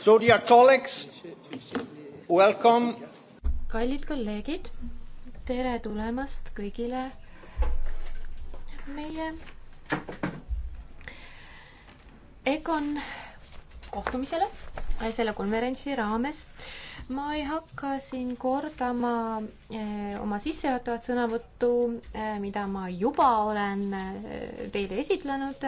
So dear colleagues, welcome. kallid kolleegid, tere tulemast kõigile meie EKON kohtumisele selle konverentsi raames ma ei hakka siin kordama eh, oma sissejuhatavat sõnavõttu, eh, mida ma juba olen eh, teile esitlenud.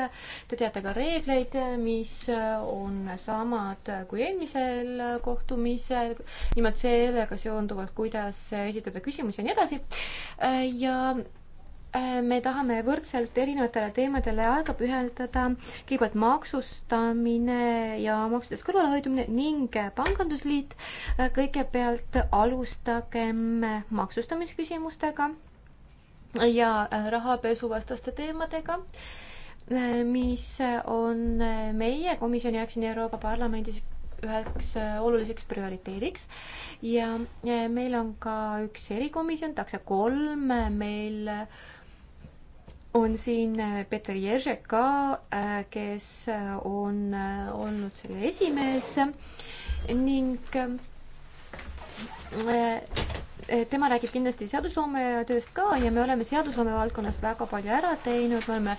Te teate ka reegleid, mis on samad kui eelmisel kohtumisel, nimelt sellega seonduvalt, kuidas esitada küsimusi ja nii edasi. ja me tahame võrdselt erinevatele teemadele aega pühendada, kõigepealt maksustamine ja maksudest kõrvalehoidumine ning pangandusliit. kõigepealt alustagem maksustamisküsimustega ja rahapesuvastaste teemadega, mis on meie komisjoni jaoks siin Euroopa Parlamendis üheks oluliseks prioriteediks ja meil on ka üks erikomisjon, takse kolm, meil äh, on siin äh, Peeter Ježek ka, äh, kes äh, on olnud selle esimees ning tema räägib kindlasti seadusloome tööst ka ja me oleme seadusloome valdkonnas väga palju ära teinud, me oleme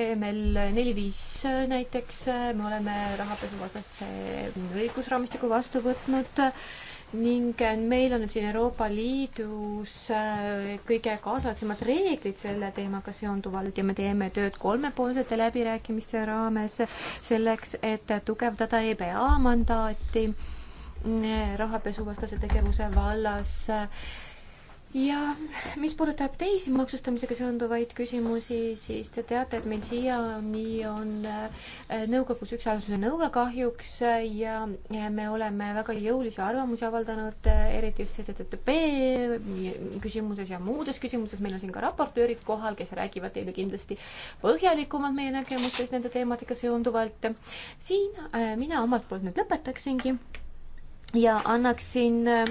EML neli-viis näiteks, me oleme rahapesuvastase õigusraamistiku vastu võtnud äh,, ning eh, meil on nüüd siin Euroopa Liidus eh, kõige kaasaegsemad reeglid selle teemaga seonduvalt ja me teeme tööd kolmepoolsete läbirääkimiste raames selleks, et tugevdada EBA mandaati mm, eh, rahapesuvastase tegevuse vallas ja mis puudutab teisi maksustamisega seonduvaid küsimusi, siis te teate, et meil siiani on äh, nõukogus üks hääletuse nõue kahjuks äh, ja me oleme väga jõulisi arvamusi avaldanud, äh, eriti just CCTB küsimuses ja muudes küsimuses. meil on siin ka raportöörid kohal, kes räägivad teile kindlasti põhjalikumalt meie nägemustest nende teemadega seonduvalt. siin mina omalt poolt nüüd lõpetaksingi ja annaksin äh,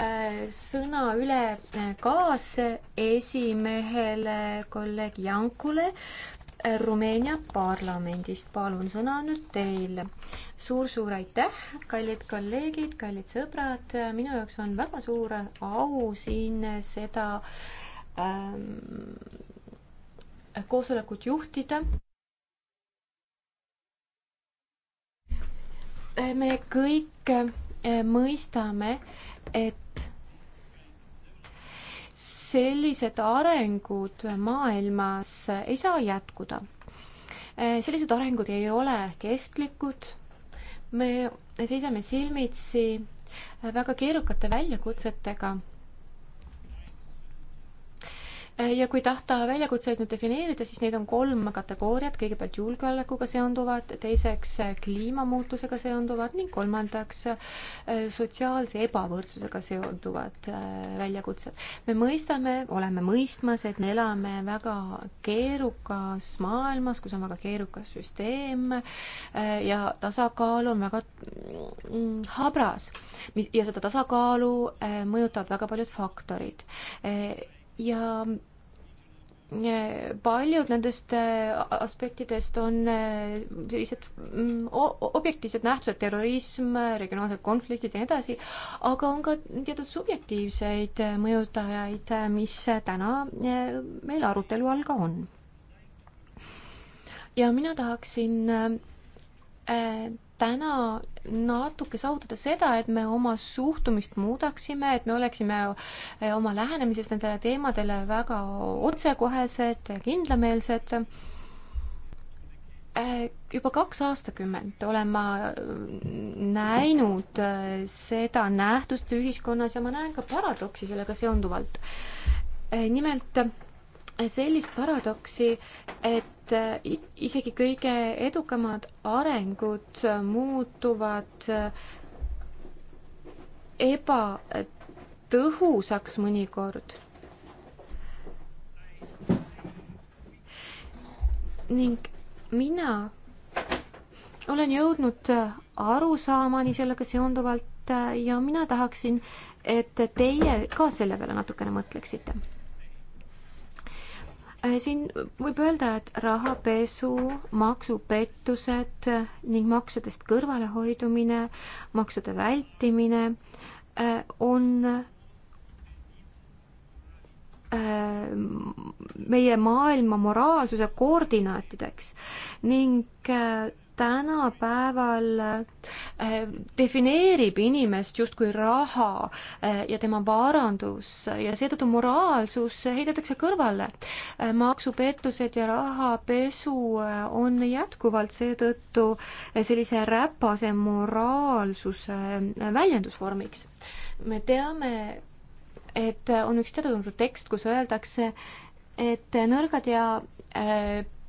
äh, sõna üle äh, kaasesimehele kolleeg Jankule Rumeenia parlamendist. palun, sõna on nüüd teil suur,. suur-suur aitäh, kallid kolleegid, kallid sõbrad, minu jaoks on väga suur au siin seda ähm, koosolekut juhtida. Eh, me kõik eh, mõistame, et sellised arengud maailmas ei saa jätkuda. Eh, sellised arengud ei ole kestlikud. me seisame silmitsi väga keerukate väljakutsetega ja kui tahta väljakutseid nüüd defineerida, siis neid on kolm kategooriat, kõigepealt julgeolekuga seonduvad, teiseks äh, kliimamuutusega seonduvad ning kolmandaks äh, sotsiaalse ebavõrdsusega seonduvad äh, väljakutsed. me mõistame, oleme mõistmas, et me elame väga keerukas maailmas, kus on väga keerukas süsteem ja tasakaal on väga mm, habras. ja seda tasakaalu mõjutavad väga paljud faktorid ja paljud nendest äh, aspektidest on äh, sellised mm, objektiivsed nähtused, terrorism, regionaalsed konfliktid ja nii edasi, aga on ka teatud subjektiivseid äh, mõjutajaid, mis täna meil arutelu all ka on. ja mina tahaksin täna natuke saavutada seda, et me oma suhtumist muudaksime, et me oleksime eh, oma lähenemises nendele teemadele väga otsekohesed, kindlameelsed. Eh, juba kaks aastakümmet olen ma eh, näinud seda nähtust ühiskonnas ja ma näen ka paradoksi sellega seonduvalt. nimelt sellist paradoksi, et äh, isegi kõige edukamad arengud äh, muutuvad äh, ebatõhusaks mõnikord. ning mina olen jõudnud arusaamani sellega seonduvalt ja mina tahaksin, et teie ka selle peale natukene mõtleksite Äh, siin võib öelda, et rahapesu, maksupettused ning maksudest kõrvalehoidumine, maksude vältimine äh, on äh, meie maailma moraalsuse koordinaatideks ning tänapäeval eh, defineerib inimest justkui raha eh, ja tema varandus ja seetõttu moraalsus heidetakse kõrvale. Eh, maksupettused ja rahapesu on jätkuvalt seetõttu sellise räpase moraalsuse väljendusvormiks. me teame, et on üks teada-tuntud tekst, kus öeldakse, et nõrgad ja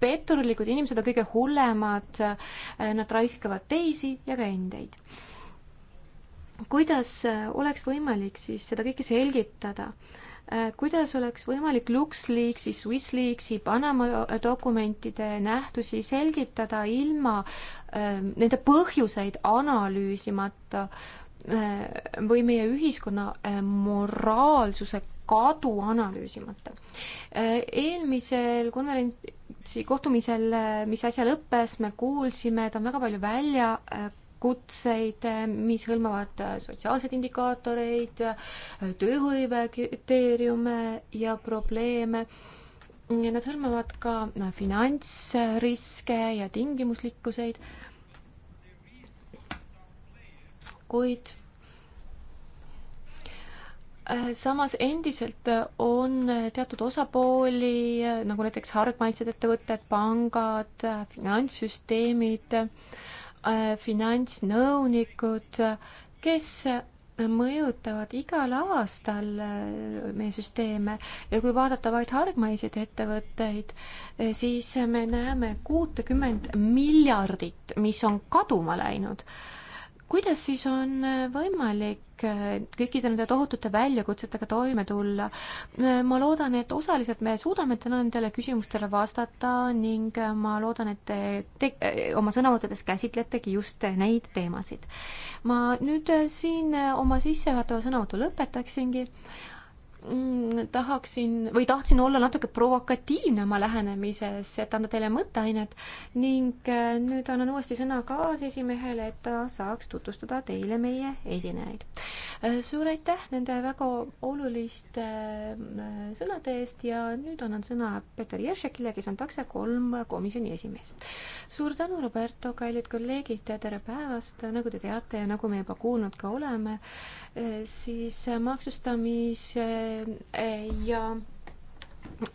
petturlikud inimesed on kõige hullemad, äh, nad raiskavad teisi ja ka endeid. kuidas äh, oleks võimalik siis seda kõike selgitada? Äh, kuidas oleks võimalik LuxLeaksi, SwissLeaksi, Panama dokumentide nähtusi selgitada ilma nende põhjuseid analüüsimata või meie ühiskonna moraalsuse kadu analüüsimata. eelmisel konverents-, siin kohtumisel, äh, mis äsja lõppes, me kuulsime, et on väga palju väljakutseid, äh, mis hõlmavad äh, sotsiaalseid indikaatoreid, tööhõive kriteeriume ja probleeme. Nad hõlmavad ka finantsriske ja tingimuslikkuseid. kuid Äh, samas endiselt äh, on äh, teatud osapooli, nagu näiteks hargmaitsed ettevõtted, pangad, finantssüsteemid, finantsnõunikud, kes mõjutavad igal aastal meie süsteeme ja kui vaadata vaid hargmaiseid ettevõtteid, siis me näeme kuutekümmend miljardit, mis on kaduma läinud kuidas siis on äh, võimalik äh, kõikide nende tohutute väljakutsetega toime tulla? Äh, ma loodan, et osaliselt me suudame täna nendele küsimustele vastata ning ma loodan, et te, te oma sõnavõttudes käsitletegi just neid teemasid. ma nüüd siin oma sissejuhatava sõnavõtu lõpetaksingi Mm, tahaksin või tahtsin olla natuke provokatiivne oma lähenemises, et anda teile mõtteainet ning äh, nüüd annan uuesti sõna kaasesimehele, et ta saaks tutvustada teile meie esinejaid. Äh, suur aitäh nende väga oluliste äh, sõnade eest ja nüüd annan sõna Peeter Jeršekile, kes on takse kolm komisjoni esimees. suur tänu, Roberto, kallid kolleegid, tere päevast, nagu te teate ja nagu me juba kuulnud ka oleme, Äh, siis äh, maksustamise äh, ja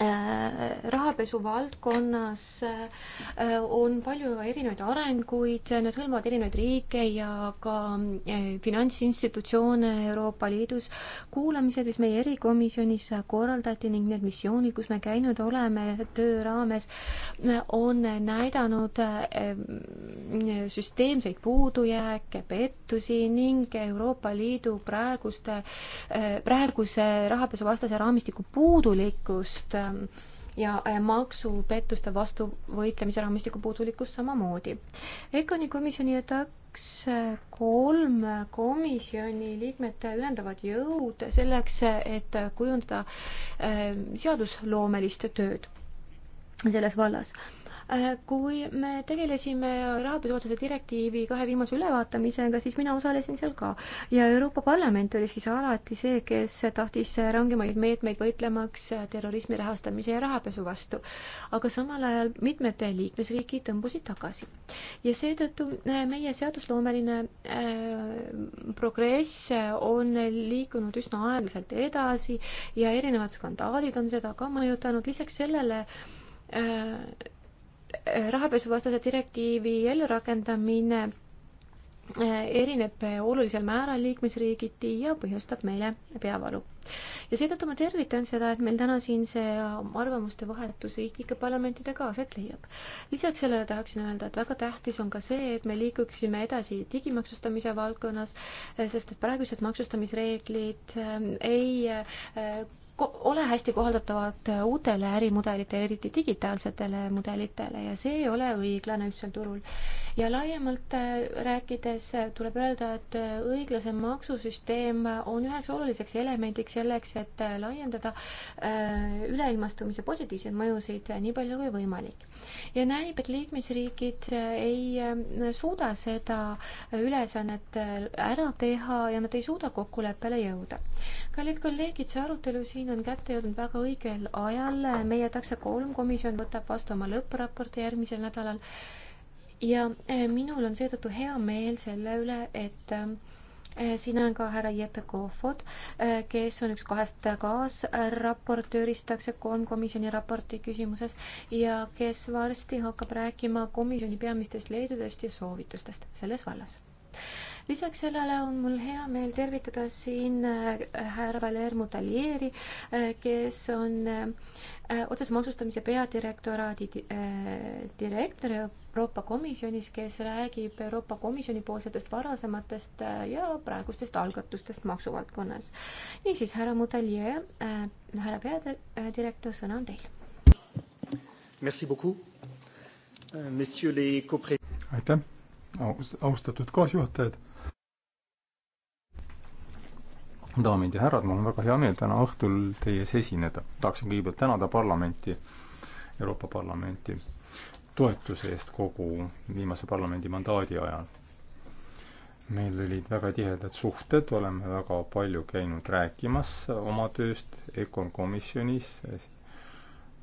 Äh, rahapesu valdkonnas äh, on palju erinevaid arenguid, need hõlmavad erinevaid riike ja ka äh, finantsinstitutsioone Euroopa Liidus. kuulamised, mis meie erikomisjonis korraldati ning need missioonid, kus me käinud oleme töö raames, on näidanud süsteemseid puudujääke, pettusi ning Euroopa Liidu praeguste, praeguse rahapesuvastase raamistiku puudulikkust Ähm, ja äh, maksupettuste vastu võitlemise raamistiku puudulikkus samamoodi. EKONi komisjoni ja TAKS äh, kolm komisjoni liikmed ühendavad jõud selleks, et kujundada äh, seadusloomelist tööd selles vallas Äh, kui me tegelesime rahapesuvastase direktiivi kahe viimase ülevaatamisega, siis mina osalesin seal ka. ja Euroopa Parlament oli siis alati see, kes tahtis rangemaid meetmeid võitlemaks terrorismi rahastamise ja rahapesu vastu. aga samal ajal mitmed liikmesriigid tõmbusid tagasi. ja seetõttu äh, meie seadusloomeline äh, progress on liikunud üsna aeglaselt edasi ja erinevad skandaalid on seda ka mõjutanud, lisaks sellele rahapesuvastase direktiivi ellurakendamine eh, erineb olulisel määral liikmesriigiti ja põhjustab meile peavalu. ja seetõttu ma tervitan seda, et meil täna siin see arvamuste vahetus riiklike parlamentidega aset leiab. lisaks sellele tahaksin öelda, et väga tähtis on ka see, et me liiguksime edasi digimaksustamise valdkonnas, eh, sest et praegused maksustamisreeglid eh, ei ole hästi kohaldatavad uutele ärimudelitele, eriti digitaalsetele mudelitele ja see ei ole õiglane ühtsel turul ja laiemalt äh, rääkides äh, tuleb öelda, et äh, õiglasem maksusüsteem on üheks oluliseks elemendiks selleks, et laiendada üleilmastumise positiivseid mõjusid nii palju kui võimalik. ja näib, et liikmesriigid ei suuda seda ülesannet ära teha ja nad ei suuda kokkuleppele jõuda. kallid kolleegid, see arutelu siin on kätte jõudnud väga õigel ajal, meie Taxe kolm komisjon võtab vastu oma lõppraporti järgmisel nädalal ja eh, minul on seetõttu hea meel selle üle, et eh, eh, siin on ka härra Jeppe Kohvod, kes on üks kahest kaasraportöörist täpselt kolm komisjoni raporti küsimuses ja kes varsti hakkab rääkima komisjoni peamistest leidudest ja soovitustest selles vallas lisaks sellele on mul hea meel tervitada siin äh, härra Valermo Talieri, äh, kes on äh, otsese maksustamise peadirektoraadi direktor Euroopa Komisjonis, kes räägib Euroopa Komisjoni poolsetest varasematest ja praegustest algatustest maksuvaldkonnas. niisiis, härra Mudelier, härra peadirektor, sõna on teil. Merci beaucoup, messieurs les copre-. aitäh, austatud kaasjuhatajad daamid ja härrad, mul on väga hea meel täna õhtul teie ees esineda. tahaksin kõigepealt tänada parlamenti, Euroopa Parlamenti toetuse eest kogu viimase parlamendi mandaadi ajal. meil olid väga tihedad suhted, oleme väga palju käinud rääkimas oma tööst EKOn komisjonis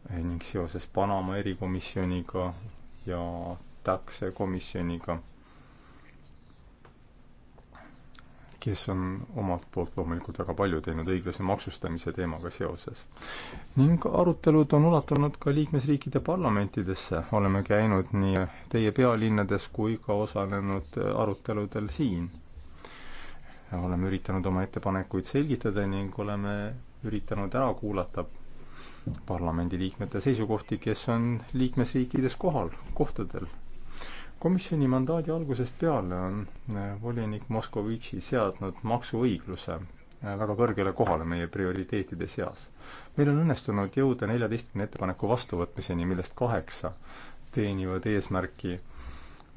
ning seoses Panama erikomisjoniga ja takse komisjoniga kes on omalt poolt loomulikult väga palju teinud õiglase maksustamise teemaga seoses. ning arutelud on ulatunud ka liikmesriikide parlamentidesse, oleme käinud nii teie pealinnades kui ka osalenud aruteludel siin. oleme üritanud oma ettepanekuid selgitada ning oleme üritanud ära kuulata parlamendiliikmete seisukohti, kes on liikmesriikides kohal, kohtadel komisjoni mandaadi algusest peale on äh, volinik Moskovitši seadnud maksuõigluse äh, väga kõrgele kohale meie prioriteetide seas. meil on õnnestunud jõuda neljateistkümne ettepaneku vastuvõtmiseni, millest kaheksa teenivad eesmärki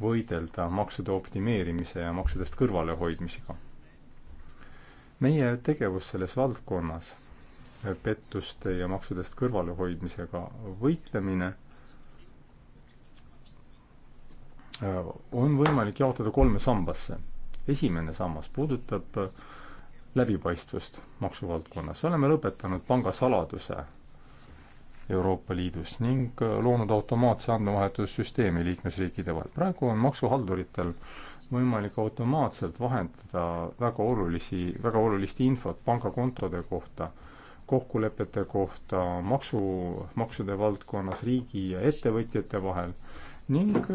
võidelda maksude optimeerimise ja maksudest kõrvalehoidmisega. meie tegevus selles valdkonnas, äh, pettuste ja maksudest kõrvalehoidmisega võitlemine Äh, on võimalik jaotada kolme sambasse. esimene sammas puudutab äh, läbipaistvust maksuvaldkonnas. oleme lõpetanud pangasaladuse Euroopa Liidus ning äh, loonud automaatse andmevahetussüsteemi liikmesriikide vahel. praegu on maksuhalduritel võimalik automaatselt vahendada väga olulisi, väga olulist infot pangakontode kohta, kokkulepete kohta maksu, maksude valdkonnas riigi ja ettevõtjate vahel ning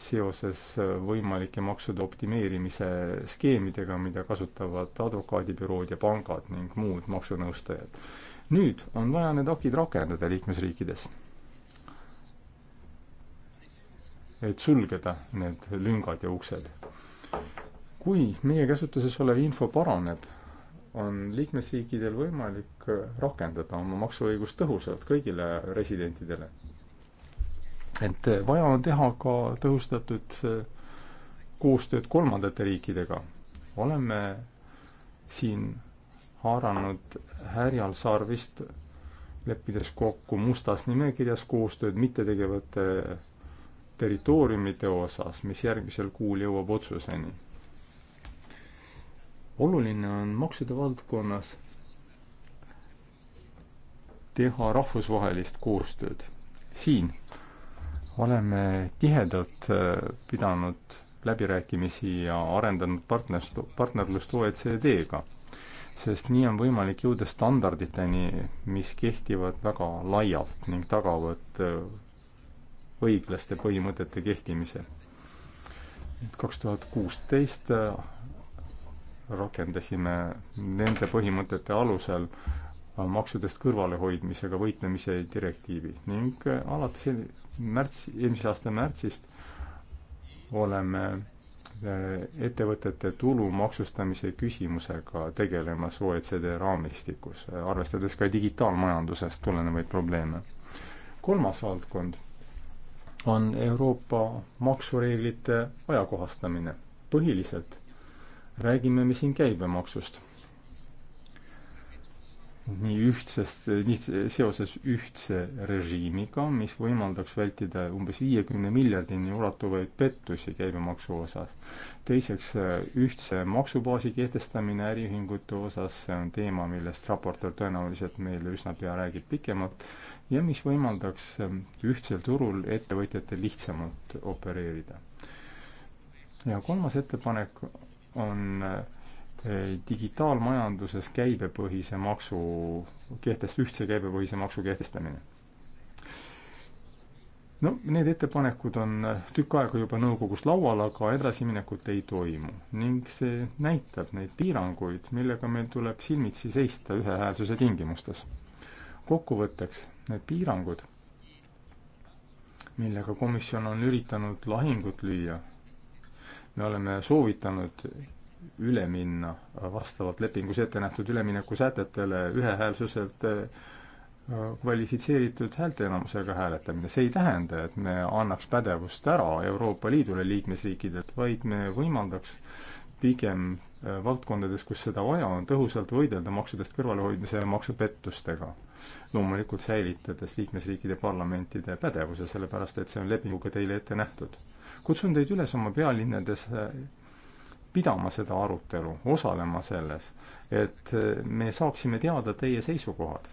seoses äh, võimalike maksude optimeerimise skeemidega, mida kasutavad advokaadibürood ja pangad ning muud maksunõustajad. nüüd on vaja need akid rakendada liikmesriikides. et sulgeda need lüngad ja uksed. kui meie käsutuses olev info paraneb, on liikmesriikidel võimalik rakendada oma maksuõigust tõhusalt kõigile residentidele et vaja on teha ka tõhustatud koostööd kolmandate riikidega. oleme siin haaranud härjal sarvist, leppides kokku mustas nimekirjas koostööd mittetegevate territooriumide osas, mis järgmisel kuul jõuab otsuseni. oluline on maksude valdkonnas teha rahvusvahelist koostööd. siin oleme tihedalt äh, pidanud läbirääkimisi ja arendanud partners, partnerlust OECD-ga, sest nii on võimalik jõuda standarditeni, mis kehtivad väga laialt ning tagavad äh, õiglaste põhimõtete kehtimise. kaks tuhat kuusteist äh, rakendasime nende põhimõtete alusel äh, maksudest kõrvalehoidmisega võitlemise direktiivi ning alates märts, eelmise aasta märtsist oleme eh, ettevõtete tulu maksustamise küsimusega tegelemas OECD raamistikus, arvestades ka digitaalmajandusest tulenevaid probleeme. kolmas valdkond on Euroopa maksureeglite ajakohastamine. põhiliselt räägime me siin käibemaksust nii ühtsest, nii seoses ühtse režiimiga, mis võimaldaks vältida umbes viiekümne miljardini ulatuvaid pettusi käibemaksu osas. teiseks, ühtse maksubaasi kehtestamine äriühingute osas, see on teema, millest raportöör tõenäoliselt meile üsna pea räägib pikemalt, ja mis võimaldaks ühtsel turul ettevõtjatel lihtsamalt opereerida. ja kolmas ettepanek on äh, Äh, digitaalmajanduses käibepõhise maksu kehtest, ühtse käibepõhise maksu kehtestamine. no need ettepanekud on äh, tükk aega juba nõukogus laual, aga edasiminekut ei toimu ning see näitab neid piiranguid, millega meil tuleb silmitsi seista ühehäälsuse tingimustes. kokkuvõtteks, need piirangud, millega komisjon on üritanud lahingut lüüa, me oleme soovitanud üle minna vastavalt lepingus ette nähtud üleminekusätetele ühehäälsuselt äh, kvalifitseeritud häälteenamusega hääletamine. see ei tähenda, et me annaks pädevust ära Euroopa Liidule liikmesriikidelt, vaid me võimaldaks pigem äh, valdkondades, kus seda vaja on, tõhusalt võidelda maksudest kõrvalehoidmise ja maksupettustega. loomulikult säilitades liikmesriikide parlamentide pädevuse, sellepärast et see on lepinguga teile ette nähtud. kutsun teid üles oma pealinnades äh, pidama seda arutelu, osalema selles, et eh, me saaksime teada teie seisukohad.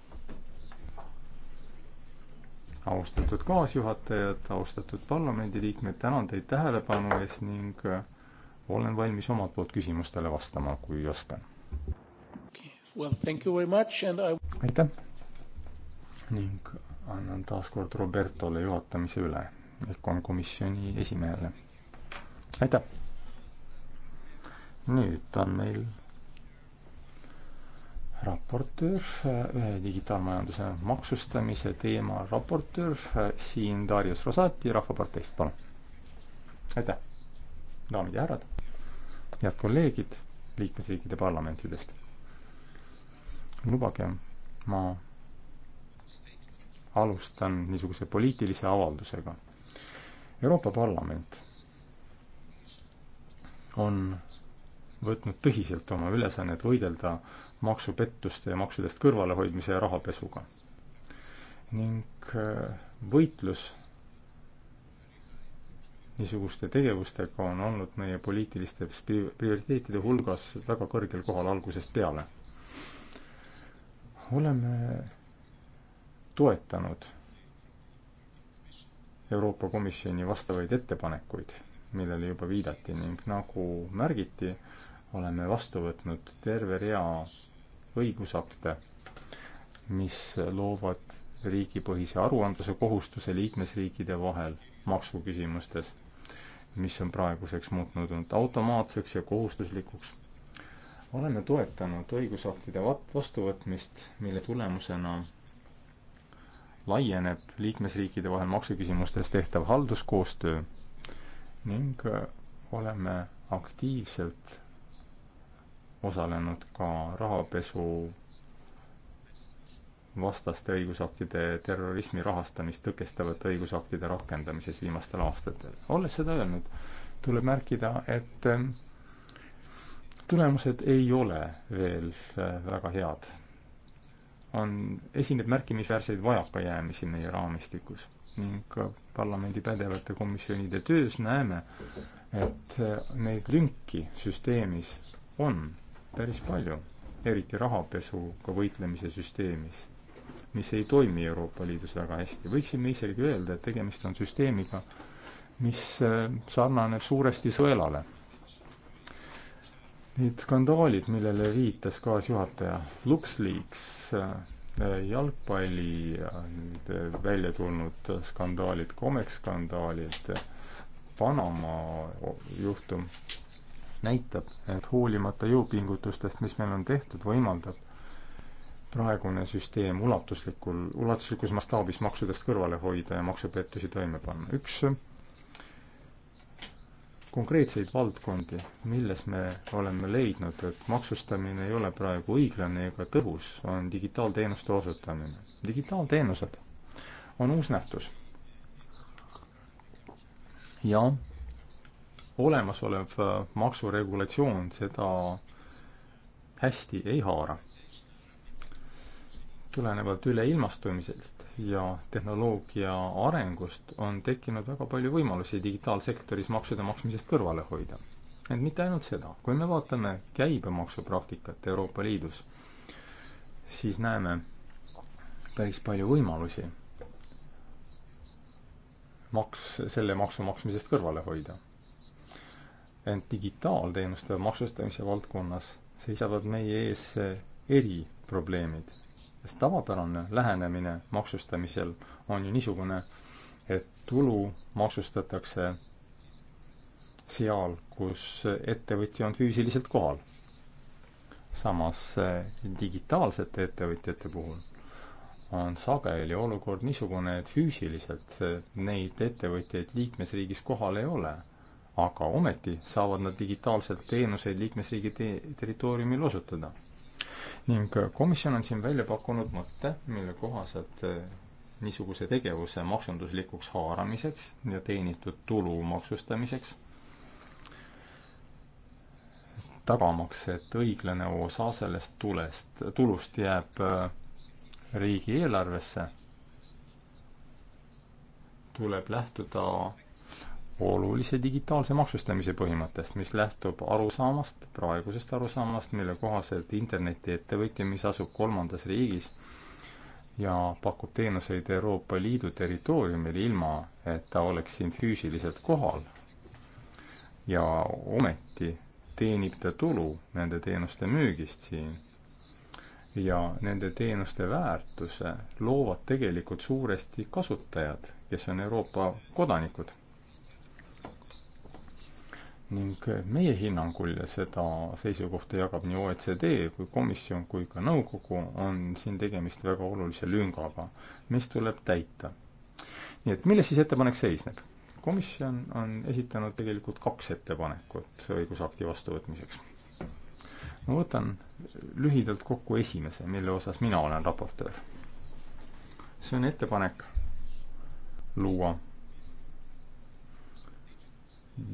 austatud kaasjuhatajad, austatud parlamendiliikmed, tänan teid tähelepanu eest ning eh, olen valmis omalt poolt küsimustele vastama, kui oskan. Well, thank you very much and I... aitäh ning annan taas kord Robertole juhatamise üle, EKOM komisjoni esimehele. aitäh! nüüd on meil raportöör, ühe digitaalmajanduse maksustamise teema raportöör siin Darius Rosati Rahvaparteist, palun. aitäh, daamid ja härrad, head kolleegid liikmesriikide parlamentidest. lubage, ma alustan niisuguse poliitilise avaldusega. Euroopa Parlament on võtnud tõsiselt oma ülesannet võidelda maksupettuste ja maksudest kõrvalehoidmise ja rahapesuga. ning äh, võitlus niisuguste tegevustega on olnud meie poliitiliste prioriteetide hulgas väga kõrgel kohal algusest peale. oleme toetanud Euroopa Komisjoni vastavaid ettepanekuid millele juba viidati ning nagu märgiti, oleme vastu võtnud terve rea õigusakte, mis loovad riigipõhise aruandluse kohustuse liikmesriikide vahel maksuküsimustes, mis on praeguseks muutunud automaatseks ja kohustuslikuks. oleme toetanud õigusaktide vastuvõtmist, mille tulemusena laieneb liikmesriikide vahel maksuküsimustes tehtav halduskoostöö ning äh, oleme aktiivselt osalenud ka rahapesu vastaste õigusaktide ja terrorismi rahastamist tõkestavate õigusaktide rakendamises viimastel aastatel. olles seda öelnud, tuleb märkida, et äh, tulemused ei ole veel äh, väga head. on, esineb märkimisväärseid vajakajäämisi meie raamistikus ning parlamendi pädevate komisjonide töös näeme, et äh, neid lünki süsteemis on päris palju, eriti rahapesuga võitlemise süsteemis, mis ei toimi Euroopa Liidus väga hästi. võiksime isegi öelda, et tegemist on süsteemiga, mis äh, sarnaneb suuresti sõelale. Need skandaalid, millele viitas kaasjuhataja, LuxLeaks, äh, jalgpalli nüüd välja tulnud skandaalid, Comex skandaalid, Panama juhtum näitab, et hoolimata jõupingutustest, mis meil on tehtud, võimaldab praegune süsteem ulatuslikul, ulatuslikus mastaabis maksudest kõrvale hoida ja maksupettusi toime panna. üks konkreetseid valdkondi, milles me oleme leidnud, et maksustamine ei ole praegu õiglane ega tõhus, on digitaalteenuste osutamine. digitaalteenused on uus nähtus. ja olemasolev äh, maksuregulatsioon seda hästi ei haara tulenevalt üleilmastumisest ja tehnoloogia arengust on tekkinud väga palju võimalusi digitaalsektoris maksude maksmisest kõrvale hoida. ent mitte ainult seda, kui me vaatame käibemaksupraktikat Euroopa Liidus, siis näeme päris palju võimalusi maks, selle maksu maksmisest kõrvale hoida. ent digitaalteenuste maksustamise valdkonnas seisavad meie ees eriprobleemid sest tavapärane lähenemine maksustamisel on ju niisugune, et tulu maksustatakse seal, kus ettevõtja on füüsiliselt kohal. samas eh, digitaalsete ettevõtjate puhul on sageli olukord niisugune, et füüsiliselt eh, neid ettevõtjaid liikmesriigis kohal ei ole, aga ometi saavad nad digitaalselt teenuseid liikmesriigi te territooriumil osutada ning äh, komisjon on siin välja pakkunud mõtte, mille kohaselt äh, niisuguse tegevuse maksunduslikuks haaramiseks ja teenitud tulu maksustamiseks, tagamaks, et õiglane osa sellest tulest, tulust jääb äh, riigieelarvesse, tuleb lähtuda olulise digitaalse maksustamise põhimõttest, mis lähtub arusaamast, praegusest arusaamast, mille kohaselt internetiettevõtja, mis asub kolmandas riigis ja pakub teenuseid Euroopa Liidu territooriumil, ilma et ta oleks siin füüsiliselt kohal ja ometi teenib ta tulu nende teenuste müügist siin ja nende teenuste väärtuse loovad tegelikult suuresti kasutajad, kes on Euroopa kodanikud ning meie hinnangul ja seda seisukohta jagab nii OECD kui komisjon kui ka nõukogu, on siin tegemist väga olulise lüngaga, mis tuleb täita. nii et milles siis ettepanek seisneb? komisjon on esitanud tegelikult kaks ettepanekut õigusakti vastuvõtmiseks. ma võtan lühidalt kokku esimese, mille osas mina olen raportöör. see on ettepanek luua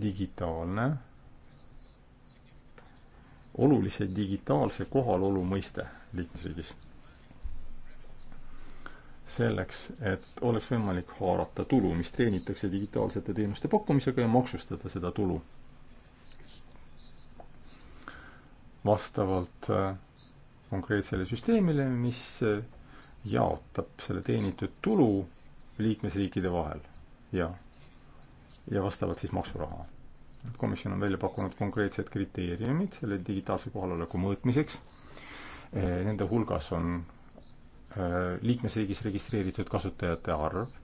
digitaalne, olulise digitaalse kohalolu mõiste liikmesriigis. selleks, et oleks võimalik haarata tulu, mis teenitakse digitaalsete teenuste pakkumisega ja maksustada seda tulu. vastavalt äh, konkreetsele süsteemile, mis äh, jaotab selle teenitud tulu liikmesriikide vahel ja ja vastavalt siis maksuraha. komisjon on välja pakkunud konkreetsed kriteeriumid selle digitaalse kohaloleku mõõtmiseks. Eh, nende hulgas on eh, liikmesriigis registreeritud kasutajate arv,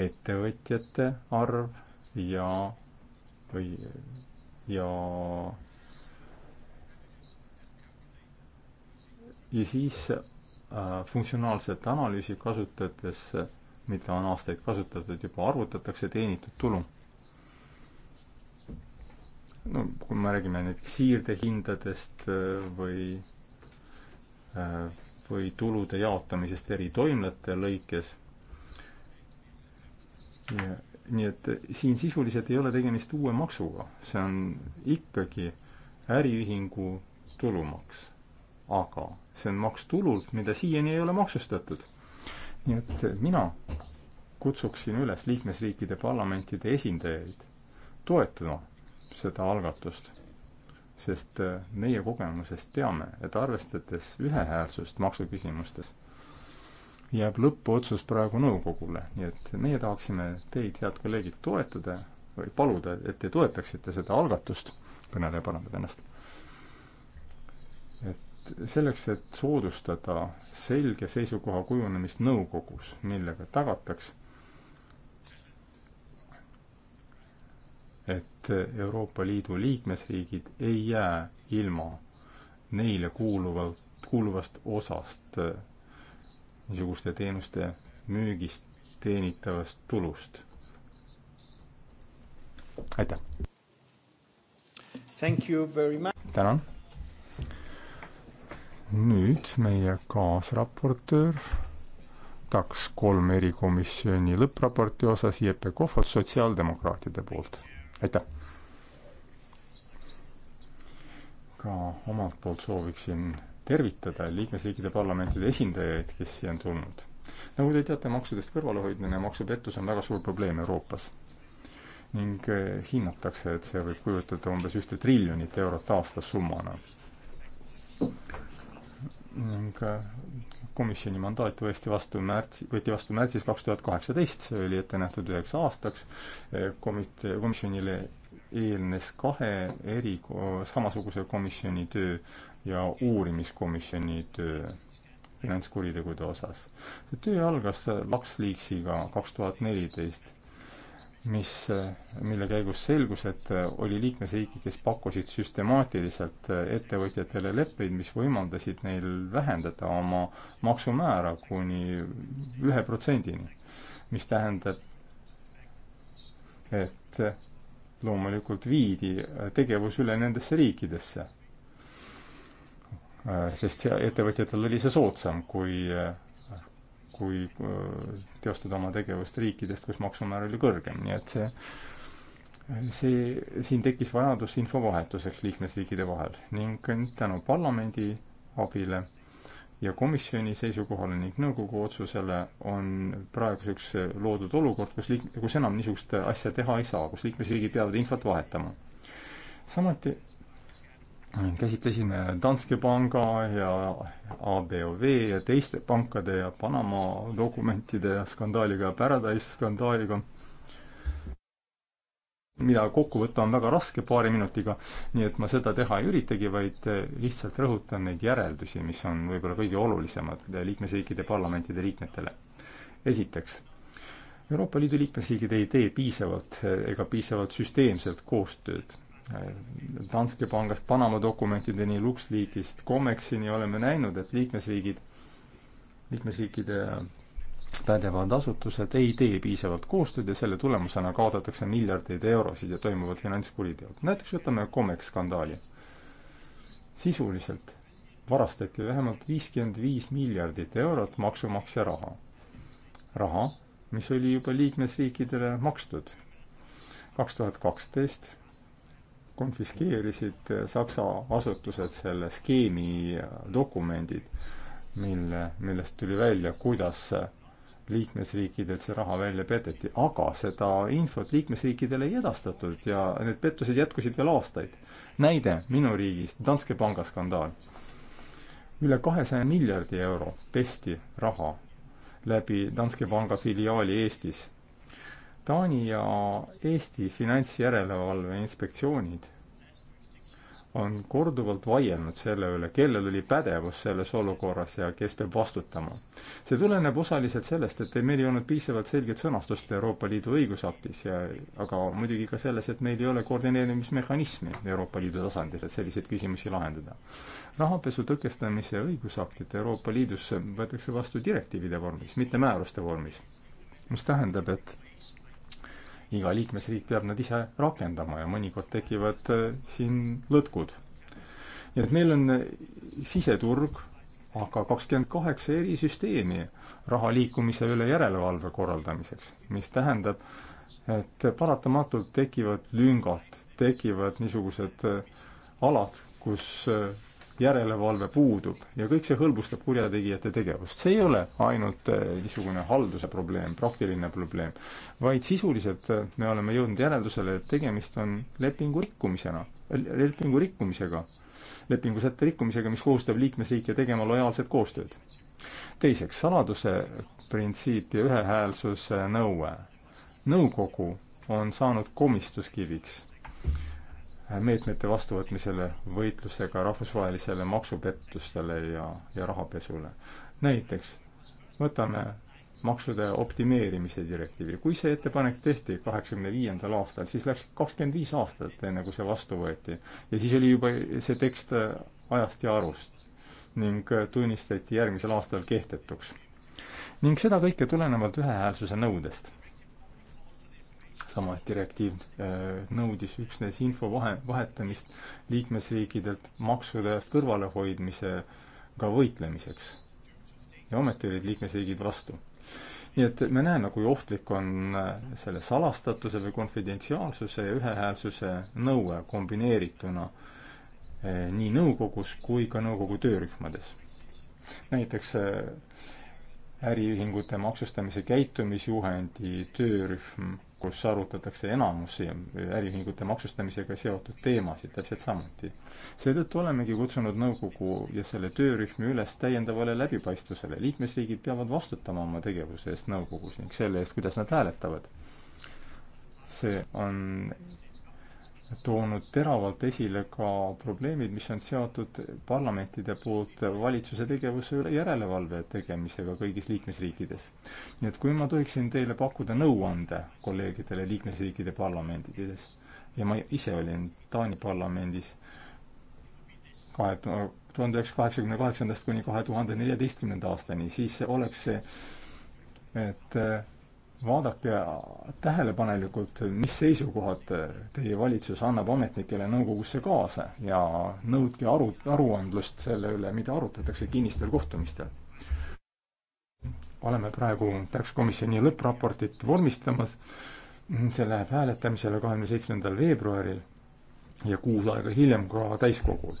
ettevõtjate arv ja, või, ja ja siis äh, funktsionaalset analüüsi kasutades äh, mida on aastaid kasutatud, juba arvutatakse teenitud tulu. no kui me räägime näiteks siirdehindadest äh, või, äh, või tulude jaotamisest eri toimlate lõikes. nii et siin sisuliselt ei ole tegemist uue maksuga, see on ikkagi äriühingu tulumaks. aga see on maks tulult, mida siiani ei ole maksustatud nii et mina kutsuksin üles liikmesriikide parlamentide esindajaid toetama seda algatust, sest äh, meie kogemusest teame, et arvestades ühehäälsust maksuküsimustes, jääb lõppotsus praegu nõukogule, nii et meie tahaksime teid, head kolleegid, toetada või paluda, et te toetaksite seda algatust, kõneleja parandab ennast, et selleks, et soodustada selge seisukoha kujunemist nõukogus, millega tagataks, et Euroopa Liidu liikmesriigid ei jää ilma neile kuuluvalt, kuuluvast osast eh, niisuguste teenuste müügist teenitavast tulust. aitäh! tänan! nüüd meie kaasraportöör, TAKS kolm erikomisjoni lõppraporti osas Jeppe Kohvat sotsiaaldemokraatide poolt, aitäh! ka omalt poolt sooviksin tervitada liikmesriikide parlamentide esindajaid, kes siia on tulnud. nagu te teate, maksudest kõrvalehoidmine ja maksupettus on väga suur probleem Euroopas. ning eh, hinnatakse, et see võib kujutada umbes ühte triljonit eurot aastas summana ning äh, komisjoni mandaat võeti vastu märts, võeti vastu märtsis kaks tuhat kaheksateist, see oli ette nähtud üheks aastaks, komitee, komisjonile eelnes kahe eri, samasuguse komisjoni töö ja uurimiskomisjoni töö finantskuritegude osas. see töö algas Lux Leaksiga kaks tuhat neliteist mis, mille käigus selgus, et oli liikmesriike, kes pakkusid süstemaatiliselt ettevõtjatele leppeid, mis võimaldasid neil vähendada oma maksumäära kuni ühe protsendini. mis tähendab, et loomulikult viidi tegevus üle nendesse riikidesse. sest ettevõtjatel oli see soodsam kui kui äh, teostada oma tegevust riikidest, kus maksumäär oli kõrgem, nii et see see, siin tekkis vajadus infovahetuseks liikmesriikide vahel ning tänu parlamendi abile ja komisjoni seisukohale ning nõukogu otsusele on praeguseks loodud olukord, kus liik-, kus enam niisugust asja teha ei saa, kus liikmesriigid peavad infot vahetama. samuti käsitlesime Danske panga ja ABOV ja teiste pankade ja Panama dokumentide skandaaliga ja Paradise skandaaliga, mida kokku võtta on väga raske paari minutiga, nii et ma seda teha ei üritagi, vaid lihtsalt rõhutan neid järeldusi, mis on võib-olla kõige olulisemad liikmesriikide parlamentide liikmetele. esiteks, Euroopa Liidu liikmesriigid ei tee piisavalt ega piisavalt süsteemselt koostööd Äh, Danske pangast Panama dokumentideni, LuxLeaksist Comexini oleme näinud, et liikmesriigid, liikmesriikide pädevad asutused ei tee piisavalt koostööd ja selle tulemusena kaotatakse miljardeid eurosid ja toimuvad finantskuriteod. näiteks võtame Comex skandaali. sisuliselt varastati vähemalt viiskümmend viis miljardit eurot maksumaksja raha. raha, mis oli juba liikmesriikidele makstud. kaks tuhat kaksteist konfiskeerisid eh, Saksa asutused selle skeemi eh, dokumendid, mille, millest tuli välja, kuidas eh, liikmesriikidelt see raha välja peteti, aga seda infot liikmesriikidele ei edastatud ja need pettused jätkusid veel aastaid. näide minu riigist, Danske panga skandaal. üle kahesaja miljardi euro pesti raha läbi Danske panga filiaali Eestis Taani ja Eesti finantsjärelevalve inspektsioonid on korduvalt vaielnud selle üle, kellel oli pädevus selles olukorras ja kes peab vastutama. see tuleneb osaliselt sellest, et meil ei olnud piisavalt selget sõnastust Euroopa Liidu õigusaktis ja aga muidugi ka selles, et meil ei ole koordineerimismehhanismi Euroopa Liidu tasandil, et selliseid küsimusi lahendada. rahapesu tõkestamise õigusaktid Euroopa Liidus võetakse vastu direktiivide vormis, mitte määruste vormis. mis tähendab, et iga liikmesriik peab nad ise rakendama ja mõnikord tekivad äh, siin lõtkud. nii et meil on äh, siseturg, aga kakskümmend kaheksa eri süsteemi raha liikumise üle järelevalve korraldamiseks, mis tähendab, et paratamatult tekivad lüngad, tekivad niisugused äh, alad, kus järelevalve puudub ja kõik see hõlbustab kurjategijate tegevust. see ei ole ainult äh, niisugune halduse probleem, praktiline probleem, vaid sisuliselt äh, me oleme jõudnud järeldusele, et tegemist on lepingu rikkumisena, äh, lepingu rikkumisega, lepingusätte rikkumisega, mis kohustab liikmesriike tegema lojaalset koostööd. teiseks, saladuse printsiip ja ühehäälsuse nõue. nõukogu on saanud komistuskiviks meetmete vastuvõtmisele, võitlusega rahvusvahelisele maksupettustele ja, ja rahapesule. näiteks võtame maksude optimeerimise direktiivi. kui see ettepanek tehti kaheksakümne viiendal aastal, siis läks kakskümmend viis aastat, enne kui see vastu võeti. ja siis oli juba see tekst ajast ja arust ning tunnistati järgmisel aastal kehtetuks. ning seda kõike tulenevalt ühehäälsuse nõudest samas direktiiv äh, nõudis üksnes info vahe, vahetamist liikmesriikidelt maksude eest kõrvalehoidmisega võitlemiseks. ja ometi olid liikmesriigid vastu. nii et me näeme, kui ohtlik on äh, selle salastatuse või konfidentsiaalsuse ja ühehäälsuse nõue kombineerituna äh, nii nõukogus kui ka nõukogu töörühmades. näiteks äriühingute maksustamise käitumisjuhendi töörühm kus arutatakse enamusi äriühingute maksustamisega seotud teemasid täpselt samuti. seetõttu olemegi kutsunud nõukogu ja selle töörühmi üles täiendavale läbipaistvusele. liikmesriigid peavad vastutama oma tegevuse eest nõukogus ning selle eest, kuidas nad hääletavad. see on toonud teravalt esile ka probleemid, mis on seotud parlamentide poolt valitsuse tegevuse üle järelevalve tegemisega kõigis liikmesriikides. nii et kui ma tohiksin teile pakkuda nõuande kolleegidele liikmesriikide parlamendides ja ma ise olin Taani parlamendis kahe tuhande üheksasaja kaheksakümne kaheksandast kuni kahe tuhande neljateistkümnenda aastani, siis oleks see, et vaadake tähelepanelikult, mis seisukohad teie valitsus annab ametnikele nõukogusse kaasa ja nõudke aru, aruandlust selle üle, mida arutatakse kinnistel kohtumistel. oleme praegu täpskomisjoni lõppraportit vormistamas. see läheb hääletamisele kahekümne seitsmendal veebruaril ja kuus aega hiljem ka täiskogul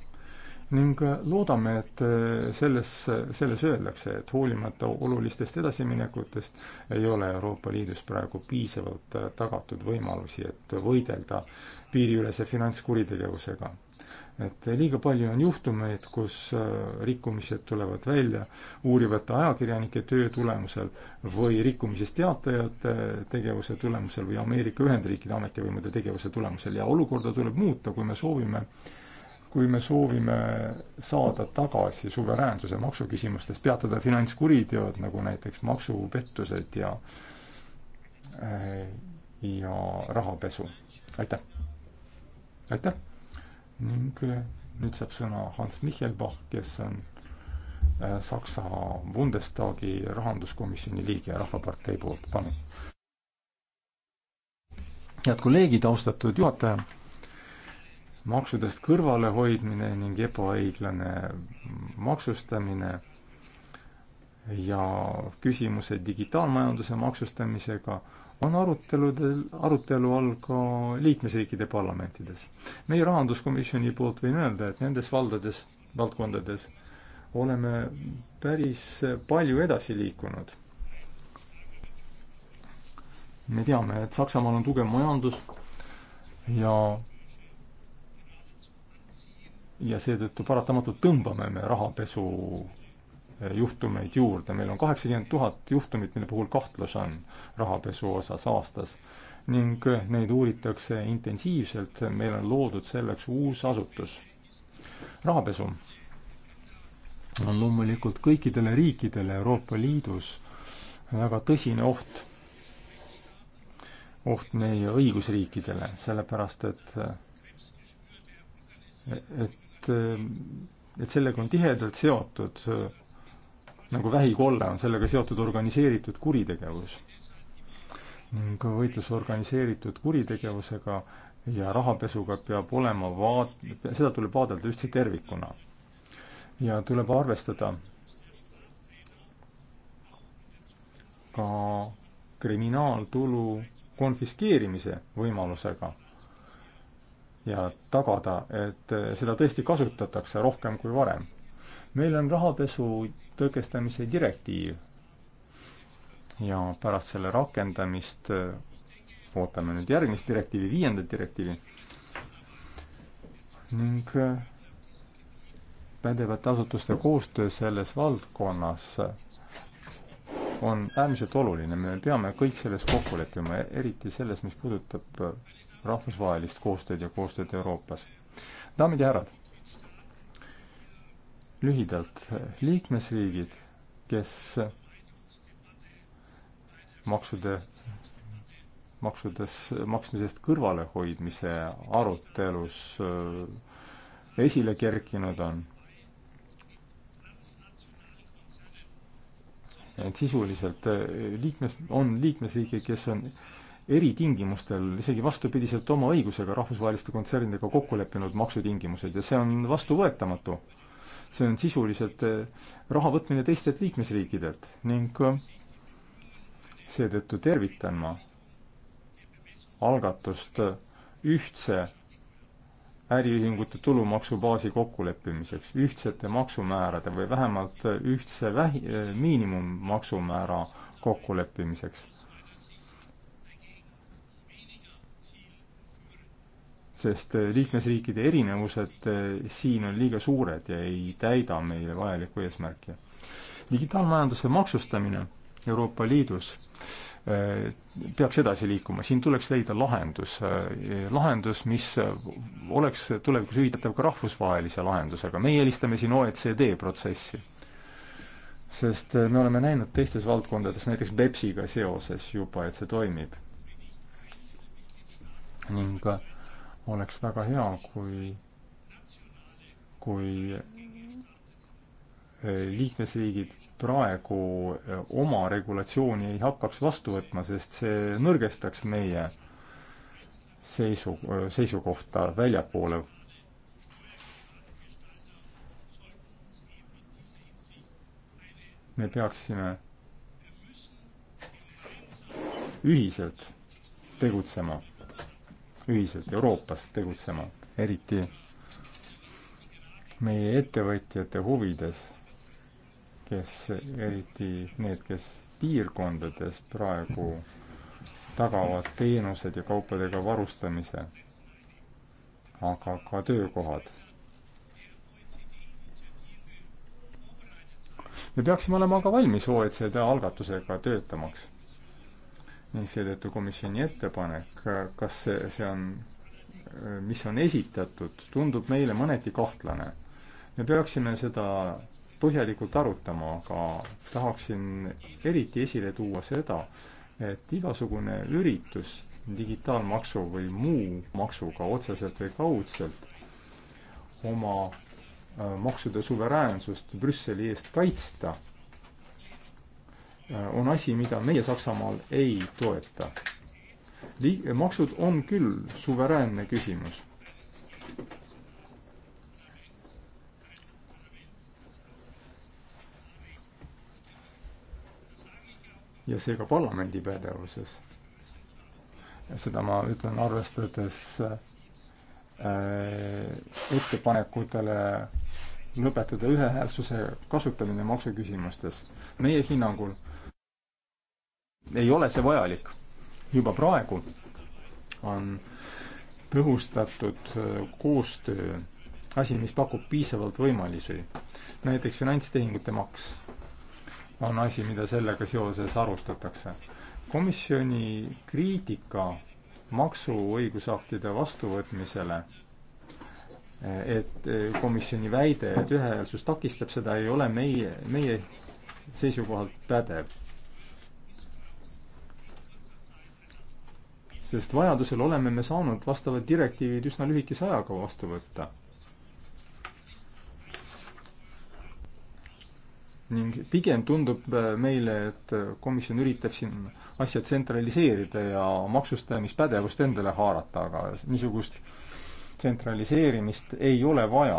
ning loodame, et äh, selles, selles öeldakse, et hoolimata olulistest edasiminekutest ei ole Euroopa Liidus praegu piisavalt äh, tagatud võimalusi, et võidelda piiriülese finantskuritegevusega. et liiga palju on juhtumeid, kus äh, rikkumised tulevad välja uurivate ajakirjanike töö tulemusel või rikkumisest teatajate tegevuse tulemusel või Ameerika Ühendriikide ametivõimude tegevuse tulemusel ja olukorda tuleb muuta, kui me soovime äh, kui me soovime saada tagasi suveräänsuse maksuküsimustes, peatada finantskuriteod, nagu näiteks maksupettused ja ja rahapesu. aitäh! aitäh! ning nüüd saab sõna Hans Michelbach, kes on äh, Saksa Bundestagi rahanduskomisjoni liige Rahvapartei poolt, palun! head kolleegid, austatud juhataja maksudest kõrvalehoidmine ning ebaõiglane maksustamine ja küsimused digitaalmajanduse maksustamisega on aruteludel, arutelu all ka liikmesriikide parlamentides. meie rahanduskomisjoni poolt võin öelda, et nendes valdades, valdkondades oleme päris palju edasi liikunud. me teame, et Saksamaal on tugev majandus ja ja seetõttu paratamatult tõmbame me rahapesu eh, juhtumeid juurde, meil on kaheksakümmend tuhat juhtumit, mille puhul kahtlus on rahapesu osas aastas. ning eh, neid uuritakse intensiivselt, meil on loodud selleks uus asutus. rahapesu on loomulikult kõikidele riikidele Euroopa Liidus väga tõsine oht, oht meie õigusriikidele, sellepärast et eh, et et, et sellega on tihedalt seotud, nagu vähikolle on sellega seotud organiseeritud kuritegevus. ning võitlus organiseeritud kuritegevusega ja rahapesuga peab olema vaat-, seda tuleb vaadelda ühtse tervikuna. ja tuleb arvestada ka kriminaaltulu konfiskeerimise võimalusega ja tagada, et seda tõesti kasutatakse rohkem kui varem. meil on rahapesu tõkestamise direktiiv ja pärast selle rakendamist ootame nüüd järgmist direktiivi, viiendat direktiivi ning pädevate asutuste koostöö selles valdkonnas on äärmiselt oluline, me peame kõik selles kokku leppima, eriti selles, mis puudutab rahvusvahelist koostööd ja koostööd Euroopas. daamid ja härrad, lühidalt, liikmesriigid, kes maksude, maksudes, maksmisest kõrvalehoidmise arutelus äh, esile kerkinud on, et sisuliselt äh, liikmes, on liikmesriike, kes on äh, eritingimustel, isegi vastupidiselt oma õigusega rahvusvaheliste kontsernidega kokku leppinud maksutingimused ja see on vastuvõetamatu. see on sisuliselt eh, raha võtmine teistelt liikmesriikidelt ning eh, seetõttu tervitan ma algatust eh, ühtse äriühingute tulumaksubaasi kokkuleppimiseks, ühtsete maksumäärade või vähemalt ühtse vähi-, miinimummaksumäära kokkuleppimiseks sest äh, liikmesriikide erinevused äh, siin on liiga suured ja ei täida meile vajalikku eesmärki. digitaalmajanduse maksustamine Euroopa Liidus äh, peaks edasi liikuma, siin tuleks leida lahendus, lahendus, mis oleks tulevikus ühitatav ka rahvusvahelise lahendusega, meie eelistame siin OECD protsessi. sest me oleme näinud teistes valdkondades, näiteks BEPS-iga seoses juba, et see toimib. ning äh, oleks väga hea, kui, kui eh, liikmesriigid praegu eh, oma regulatsiooni ei hakkaks vastu võtma, sest see nõrgestaks meie seisu, eh, seisukohta väljapoole. me peaksime ühiselt tegutsema ühiselt Euroopas tegutsema, eriti meie ettevõtjate huvides, kes, eriti need, kes piirkondades praegu tagavad teenused ja kaupadega varustamise, aga ka töökohad. me peaksime olema ka valmis OECD algatusega töötamaks ning seetõttu komisjoni ettepanek, kas see, see on, mis on esitatud, tundub meile mõneti kahtlane. me peaksime seda põhjalikult arutama, aga tahaksin eriti esile tuua seda, et igasugune üritus digitaalmaksu või muu maksuga otseselt või kaudselt oma äh, maksude suveräänsust Brüsseli eest kaitsta Äh, on asi, mida meie Saksamaal ei toeta. Liig-, maksud on küll suveräänne küsimus. ja seega parlamendi pädevuses. seda ma ütlen arvestades äh, ettepanekutele lõpetada ühehäälsuse kasutamine maksuküsimustes. meie hinnangul äh, ei ole see vajalik. juba praegu on tõhustatud äh, koostöö asi, mis pakub piisavalt võimalusi. näiteks finantstehingute maks on asi, mida sellega seoses arutatakse. komisjoni kriitika maksuõigusaktide vastuvõtmisele, äh, et äh, komisjoni väide, et ühehäälsus takistab seda, ei ole meie, meie seisukohalt pädev sest vajadusel oleme me saanud vastavad direktiivid üsna lühikese ajaga vastu võtta. ning pigem tundub äh, meile, et komisjon üritab siin asja tsentraliseerida ja maksustamispädevust endale haarata, aga niisugust tsentraliseerimist ei ole vaja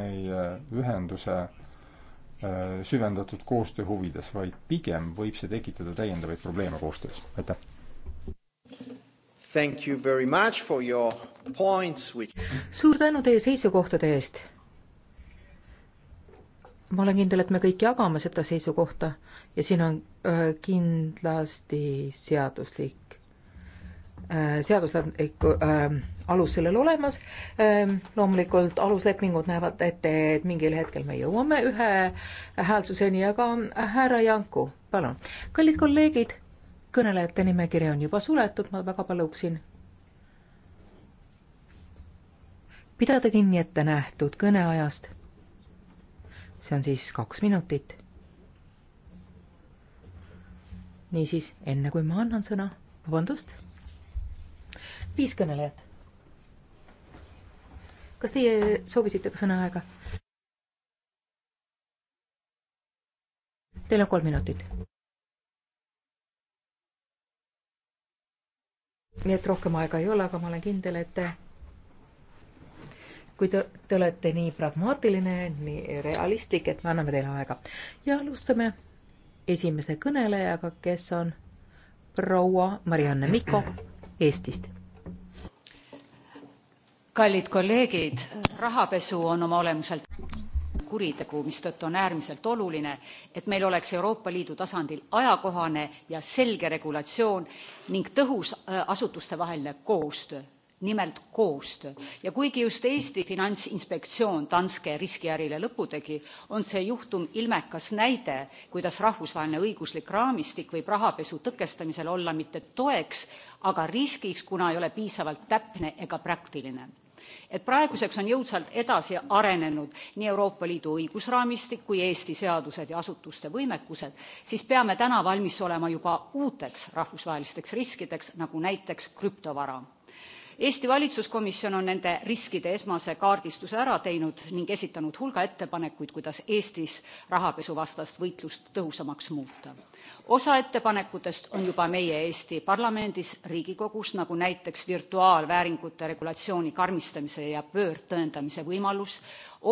meie ühenduse äh, süvendatud koostöö huvides, vaid pigem võib see tekitada täiendavaid probleeme koostöös. aitäh! Which... suur tänu teie seisukohtade eest. ma olen kindel, et me kõik jagame seda seisukohta ja siin on äh, kindlasti seaduslik äh,, seaduslik äh, alus sellel olemas. Ähm, loomulikult aluslepingud näevad ette, et mingil hetkel me jõuame ühe häälsuseni, aga härra Janku, palun. kallid kolleegid kõnelejate nimekiri on juba suletud, ma väga paluksin pidada kinni ettenähtud kõneajast. see on siis kaks minutit. niisiis, enne kui ma annan sõna, vabandust, viis kõnelejat. kas teie soovisite ka sõnaaega? Teil on kolm minutit. nii et rohkem aega ei ole, aga ma olen kindel, et kui te, te olete nii pragmaatiline, nii realistlik, et me anname teile aega. ja alustame esimese kõnelejaga, kes on proua Marianne Mikko Eestist. kallid kolleegid, rahapesu on oma olemuselt kuritegu, mistõttu on äärmiselt oluline, et meil oleks Euroopa Liidu tasandil ajakohane ja selge regulatsioon ning tõhus äh, asutustevaheline koostöö nimelt koostöö ja kuigi just Eesti finantsinspektsioon Danske riskiärile lõpu tegi, on see juhtum ilmekas näide, kuidas rahvusvaheline õiguslik raamistik võib rahapesu tõkestamisel olla mitte toeks, aga riskiks, kuna ei ole piisavalt täpne ega praktiline et praeguseks on jõudsalt edasi arenenud nii Euroopa Liidu õigusraamistik kui Eesti seadused ja asutuste võimekused, siis peame täna valmis olema juba uuteks rahvusvahelisteks riskideks, nagu näiteks krüptovara. Eesti valitsuskomisjon on nende riskide esmase kaardistuse ära teinud ning esitanud hulga ettepanekuid, kuidas Eestis rahapesuvastast võitlust tõhusamaks muuta. osa ettepanekutest on juba meie Eesti parlamendis, Riigikogus, nagu näiteks virtuaalvääringute regulatsiooni karmistamise ja pöördtõendamise võimalus,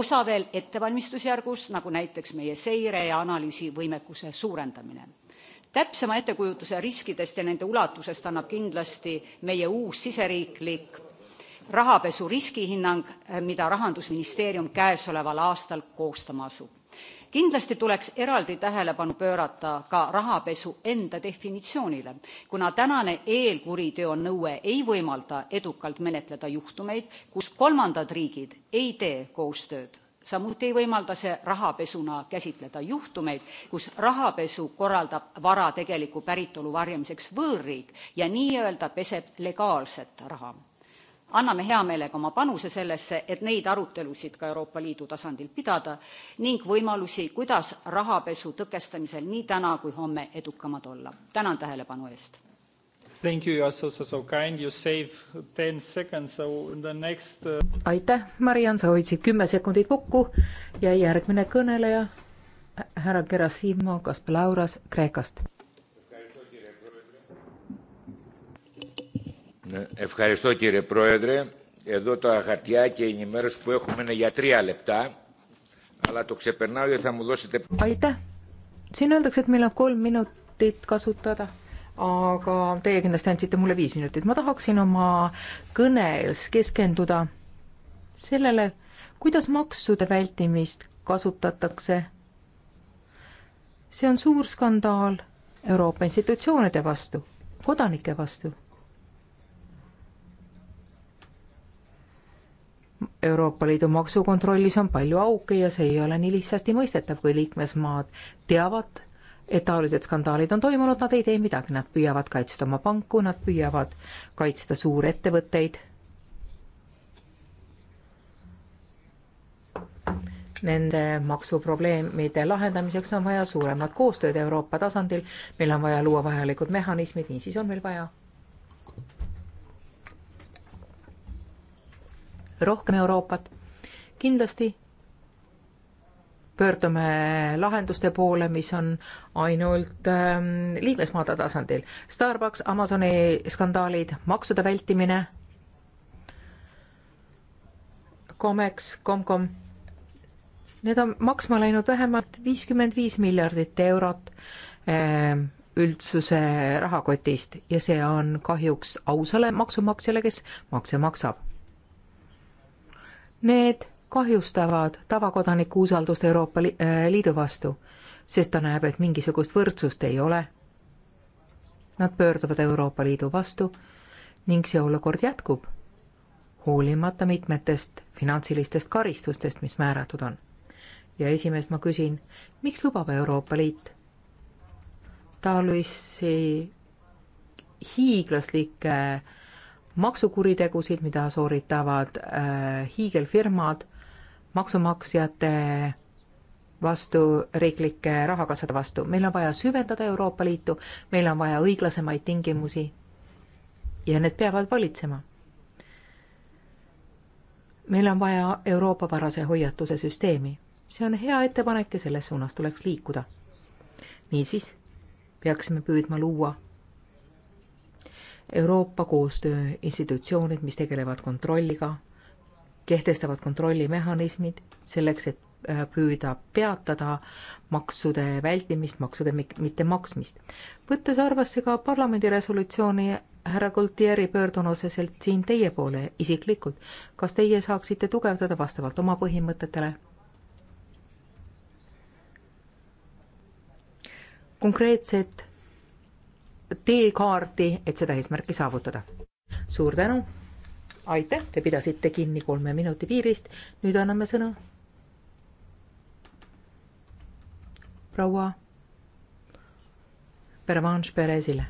osa veel ettevalmistusjärgus, nagu näiteks meie seire ja analüüsivõimekuse suurendamine täpsema ettekujutuse riskidest ja nende ulatusest annab kindlasti meie uus siseriiklik rahapesu riskihinnang mida rahandusministeerium käesoleval aastal koostama asub. kindlasti tuleks eraldi tähelepanu pöörata ka rahapesu enda definitsioonile kuna tänane eelkuriteo nõue ei võimalda edukalt menetleda juhtumeid kus kolmandad riigid ei tee koostööd samuti ei võimalda see rahapesuna käsitleda juhtumeid kus rahapesu korraldab vara tegeliku päritolu varjamiseks võõrriik ja nii-öelda peseb legaalset raha. anname hea meelega oma panuse sellesse et neid arutelusid ka euroopa liidu tasandil pidada ning võimalusi kuidas rahapesu tõkestamisel nii täna kui homme edukamad olla. tänan tähelepanu eest! Thank you, you are so, so, so kind, you save ten seconds, so the next uh.... aitäh, Mariann, sa hoidsid kümme sekundit kokku ja järgmine kõneleja, härra Gerasimo Kaspelauras Kreekast. Ευχαριστώ κύριε Πρόεδρε. Εδώ τα χαρτιά και η ενημέρωση που έχουμε είναι για τρία λεπτά, αλλά το ξεπερνάω και θα μου δώσετε... Aitäh. Siin öeldakse, et meil on kolm minutit kasutada aga teie kindlasti andsite mulle viis minutit. ma tahaksin oma kõnes keskenduda sellele, kuidas maksude vältimist kasutatakse. see on suur skandaal Euroopa institutsioonide vastu, kodanike vastu. Euroopa Liidu maksukontrollis on palju auke ja see ei ole nii lihtsasti mõistetav, kui liikmesmaad teavad et taolised skandaalid on toimunud, nad ei tee midagi, nad püüavad kaitsta oma panku, nad püüavad kaitsta suurettevõtteid. Nende maksuprobleemide lahendamiseks on vaja suuremat koostööd Euroopa tasandil, meil on vaja luua vajalikud mehhanismid, niisiis on meil vaja rohkem Euroopat. kindlasti pöördume lahenduste poole, mis on ainult ähm, liikmesmaade tasandil. Starbucks, Amazoni skandaalid, maksude vältimine, Comex, Comcom, need on maksma läinud vähemalt viiskümmend viis miljardit eurot ähm, üldsuse rahakotist ja see on kahjuks ausale maksumaksjale, kes makse maksab. Need kahjustavad tavakodaniku usaldust Euroopa äh, Liidu vastu, sest ta näeb, et mingisugust võrdsust ei ole. Nad pöörduvad Euroopa Liidu vastu ning see olukord jätkub, hoolimata mitmetest finantsilistest karistustest, mis määratud on. ja esimest ma küsin, miks lubab Euroopa Liit taolisi hiiglaslikke maksukuritegusid, mida sooritavad äh, hiigelfirmad maksumaksjate vastu, riiklike rahakassade vastu. meil on vaja süvendada Euroopa Liitu, meil on vaja õiglasemaid tingimusi ja need peavad valitsema. meil on vaja Euroopa varase hoiatuse süsteemi. see on hea ettepanek ja selles suunas tuleks liikuda. niisiis peaksime püüdma luua Euroopa koostööinstitutsioonid, mis tegelevad kontrolliga, kehtestavad kontrollimehhanismid selleks, et äh, püüda peatada maksude vältimist, maksude mittemaksmist. võttes arvesse ka parlamendi resolutsiooni härra Goltieri pöördun otseselt siin teie poole isiklikult. kas teie saaksite tugevdada vastavalt oma põhimõtetele? konkreetset teekaarti, et seda eesmärki saavutada. suur tänu aitäh, te pidasite kinni kolme minuti piirist. nüüd anname sõna. proua Pervanche Perezile.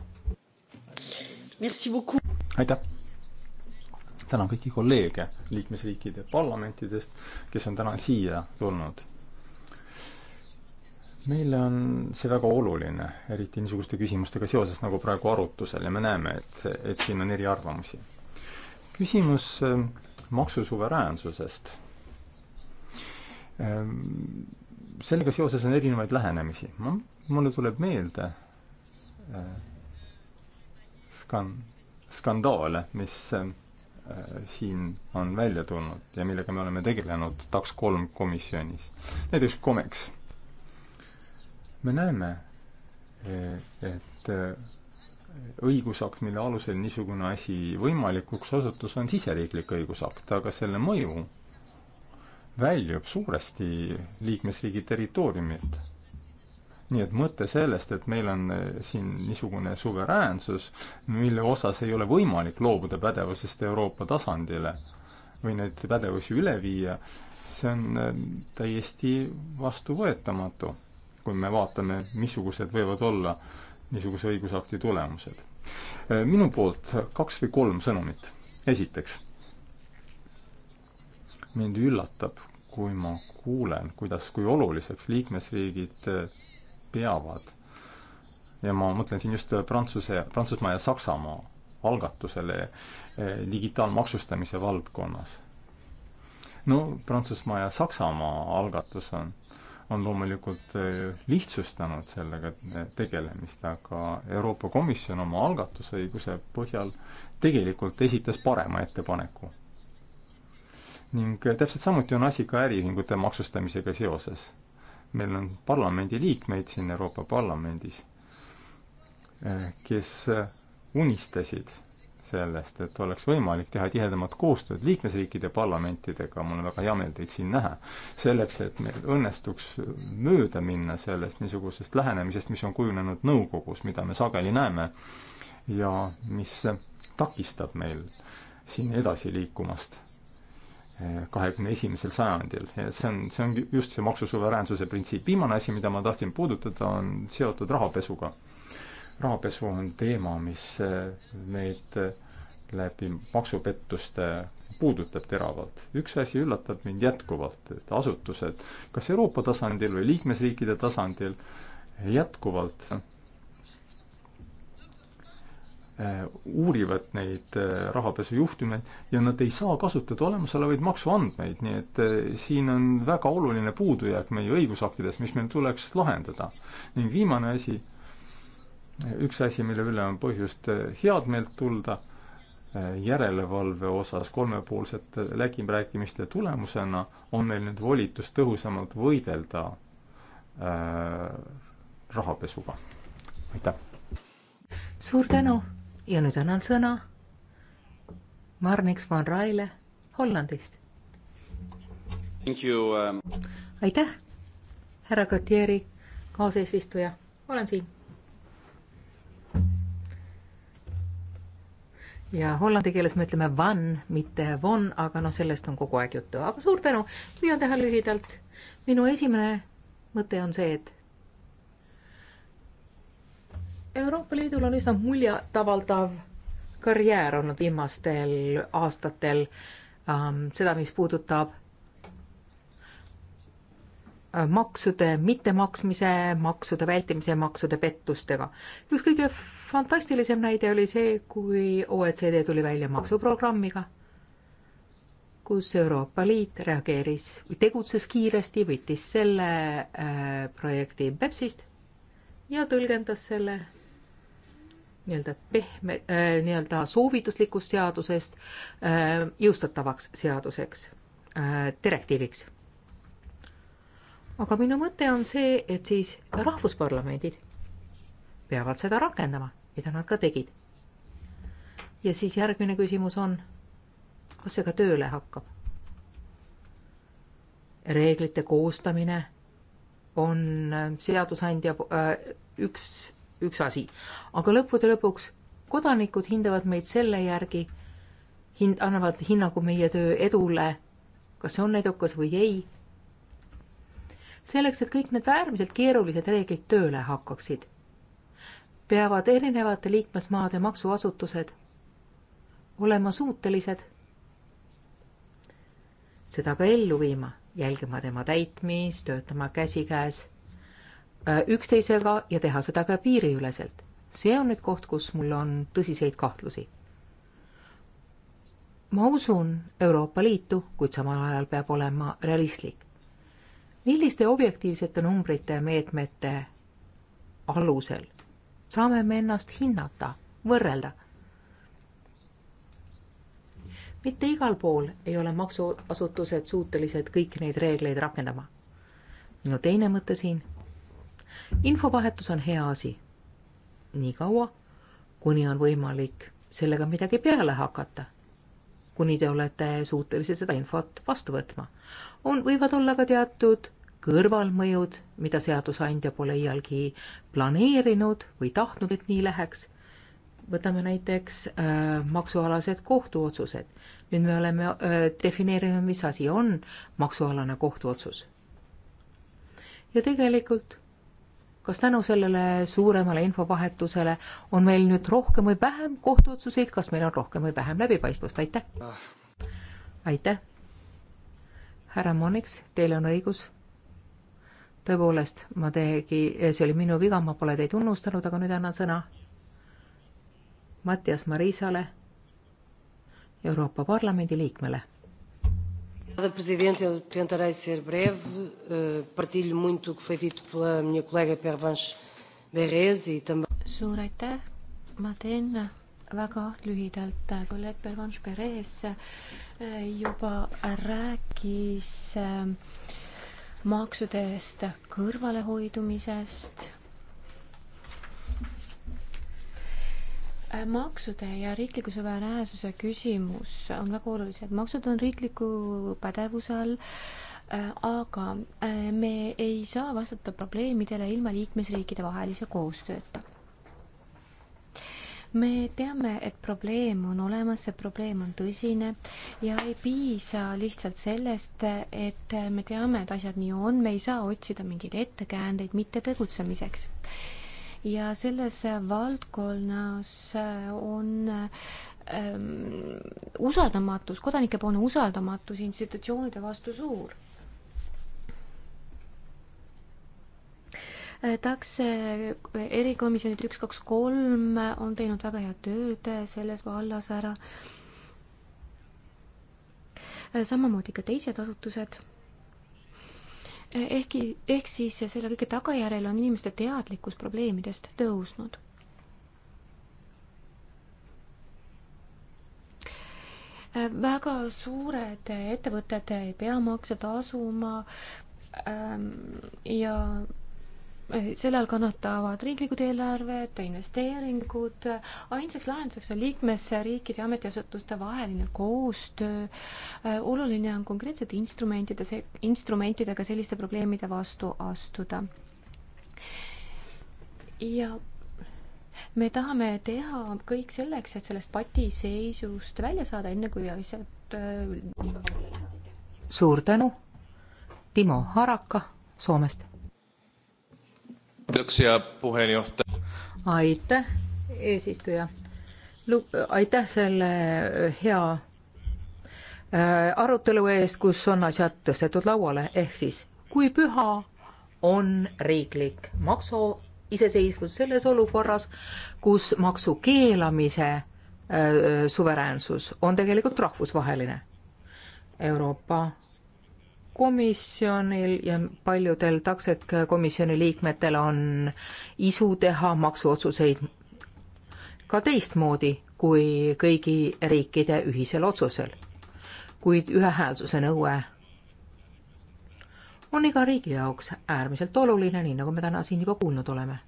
aitäh. tänan kõiki kolleege liikmesriikide parlamentidest, kes on täna siia tulnud. meile on see väga oluline, eriti niisuguste küsimustega seoses nagu praegu arutusel ja me näeme, et, et siin on eriarvamusi küsimus ähm, maksusuveräänsusest. Ähm, sellega seoses on erinevaid lähenemisi. mulle tuleb meelde äh, skan-, skandaale, mis ähm, äh, siin on välja tulnud ja millega me oleme tegelenud TAKS kolm komisjonis. näiteks COMEX. me näeme, äh, et õigusakt, mille alusel niisugune asi võimalikuks osutus, on siseriiklik õigusakt, aga selle mõju väljub suuresti liikmesriigi territooriumilt. nii et mõte sellest, et meil on eh, siin niisugune suveräänsus, mille osas ei ole võimalik loobuda pädevusest Euroopa tasandile või neid pädevusi üle viia, see on eh, täiesti vastuvõetamatu, kui me vaatame, missugused võivad olla äh, niisuguse õigusakti tulemused. minu poolt kaks või kolm sõnumit. esiteks, mind üllatab, kui ma kuulen, kuidas, kui oluliseks liikmesriigid peavad ja ma mõtlen siin just Prantsuse, Prantsusmaa ja Saksamaa algatusele eh, digitaalmaksustamise valdkonnas. no Prantsusmaa ja Saksamaa algatus on on loomulikult eh, lihtsustanud sellega tegelemist, aga Euroopa Komisjon oma algatusõiguse põhjal tegelikult esitas parema ettepaneku. ning eh, täpselt samuti on asi ka äriühingute maksustamisega seoses. meil on parlamendiliikmeid siin Euroopa Parlamendis, eh, kes unistasid sellest, et oleks võimalik teha tihedamat koostööd liikmesriikide parlamentidega, mul on väga hea meel teid siin näha, selleks, et meil õnnestuks mööda minna sellest niisugusest lähenemisest, mis on kujunenud nõukogus, mida me sageli näeme ja mis takistab meil siin edasi liikumast eh, kahekümne esimesel sajandil ja see on, see ongi just see maksusuveräänsuse printsiip. viimane asi, mida ma tahtsin puudutada, on seotud rahapesuga rahapesu on teema, mis eh, meid eh, läbi maksupettuste puudutab teravalt. üks asi üllatab mind jätkuvalt, et asutused kas Euroopa tasandil või liikmesriikide tasandil jätkuvalt eh, uurivad neid rahapesujuhtumeid ja nad ei saa kasutada olemasolevaid maksuandmeid, nii et siin on väga oluline puudujääk meie õigusaktides, mis meil tuleks lahendada. ning viimane asi üks asi, mille üle on põhjust eh, head meelt tulda, eh, järelevalve osas kolmepoolsete läbirääkimiste tulemusena on meil nüüd volitus tõhusamalt võidelda äh, rahapesuga. aitäh! suur tänu ja nüüd annan sõna Marniks van Raile Hollandist. Um... aitäh, härra Gautieri, kaaseesistuja, olen siin ja hollandi keeles me ütleme van, mitte von, aga noh, sellest on kogu aeg juttu, aga suur tänu, püüan teha lühidalt. minu esimene mõte on see, et Euroopa Liidul on üsna muljetavaldav karjäär olnud viimastel aastatel ähm,, seda, mis puudutab Äh, maksude mittemaksmise, maksude vältimise ja maksude pettustega. üks kõige fantastilisem näide oli see, kui OECD tuli välja maksuprogrammiga, kus Euroopa Liit reageeris, tegutses kiiresti, võttis selle äh, projekti BEPS-ist ja tõlgendas selle nii-öelda pehme äh,, nii-öelda soovituslikust seadusest äh, jõustatavaks seaduseks äh,, direktiiviks aga minu mõte on see, et siis rahvusparlamendid peavad seda rakendama, mida nad ka tegid. ja siis järgmine küsimus on, kas see ka tööle hakkab? reeglite koostamine on äh, seadusandja äh, üks, üks asi, aga lõppude lõpuks kodanikud hindavad meid selle järgi, hind, annavad hinnangu meie töö edule, kas see on edukas või ei selleks, et kõik need äärmiselt keerulised reeglid tööle hakkaksid, peavad erinevate liikmesmaade maksuasutused olema suutelised seda ka ellu viima, jälgima tema täitmist, töötama käsikäes äh, üksteisega ja teha seda ka piiriüleselt. see on nüüd koht, kus mul on tõsiseid kahtlusi. ma usun Euroopa Liitu, kuid samal ajal peab olema realistlik milliste objektiivsete numbrite ja meetmete alusel saame me ennast hinnata, võrrelda? mitte igal pool ei ole maksuasutused suutelised kõiki neid reegleid rakendama. minu teine mõte siin. infovahetus on hea asi. niikaua, kuni on võimalik sellega midagi peale hakata kuni te olete suutelised seda infot vastu võtma. on, võivad olla ka teatud kõrvalmõjud, mida seadusandja pole iialgi planeerinud või tahtnud, et nii läheks. võtame näiteks äh, maksualased kohtuotsused. nüüd me oleme äh, defineerinud, mis asi on maksualane kohtuotsus. ja tegelikult kas tänu sellele suuremale infovahetusele on meil nüüd rohkem või vähem kohtuotsuseid, kas meil on rohkem või vähem läbipaistvust, aitäh! Ah. aitäh! härra Monix, teil on õigus tõepoolest, ma tegi, see oli minu viga, ma pole teid unustanud, aga nüüd annan sõna Mattias Marisale, Euroopa Parlamendi liikmele. Presidente, eu tentarei ser breve, eh, partilho muito o que foi dito pela minha colega Pervanche Berez e também... Suur aitäh, ma teen väga lühidalt. kolleeg Pervanche Berez eh, juba rääkis äh, maksude eest kõrvalehoidumisest. Äh, maksude ja riikliku suveräänsuse küsimus on väga olulised, maksud on riikliku pädevuse all äh, aga äh, me ei saa vastata probleemidele ilma liikmesriikide vahelise koostööta me teame, et probleem on olemas, see probleem on tõsine ja ei piisa lihtsalt sellest, et me teame, et asjad nii on, me ei saa otsida mingeid ettekäändeid mitte tegutsemiseks. ja selles valdkonnas äh, on ähm, usaldamatus, kodanike poolne usaldamatus institutsioonide vastu suur takse eh, erikomisjonid üks, kaks, kolm on teinud väga head tööd eh, selles vallas ära. Eh, samamoodi ka teised asutused. ehkki, ehk siis selle kõige tagajärjel on inimeste teadlikkus probleemidest tõusnud väga suured ettevõtted ei pea makse tasuma ähm, ja selle all kannatavad riiklikud eelarved, investeeringud, ainsaks lahenduseks on liikmesriikide ja ametiasutuste vaheline koostöö, äh, oluline on konkreetsete instrumentide, instrumentidega selliste probleemide vastu astuda. ja me tahame teha kõik selleks, et sellest patiseisust välja saada, enne kui asjad äh, suur tänu, Timo Haraka Soomest Kiitoksia puheenjohtaja. Aitäh, eesistuja. aitäh selle hea äh, arutelu eest, kus on asjad tõstetud lauale, ehk siis kui püha on riiklik maksu iseseisvus selles olukorras, kus maksu keelamise äh, suveräänsus on tegelikult rahvusvaheline. Euroopa komisjonil ja paljudel takset komisjoni liikmetel on isu teha maksuotsuseid ka teistmoodi kui kõigi riikide ühisel otsusel. kuid ühehäälsuse nõue on iga riigi jaoks äärmiselt oluline, nii nagu me täna siin juba kuulnud oleme.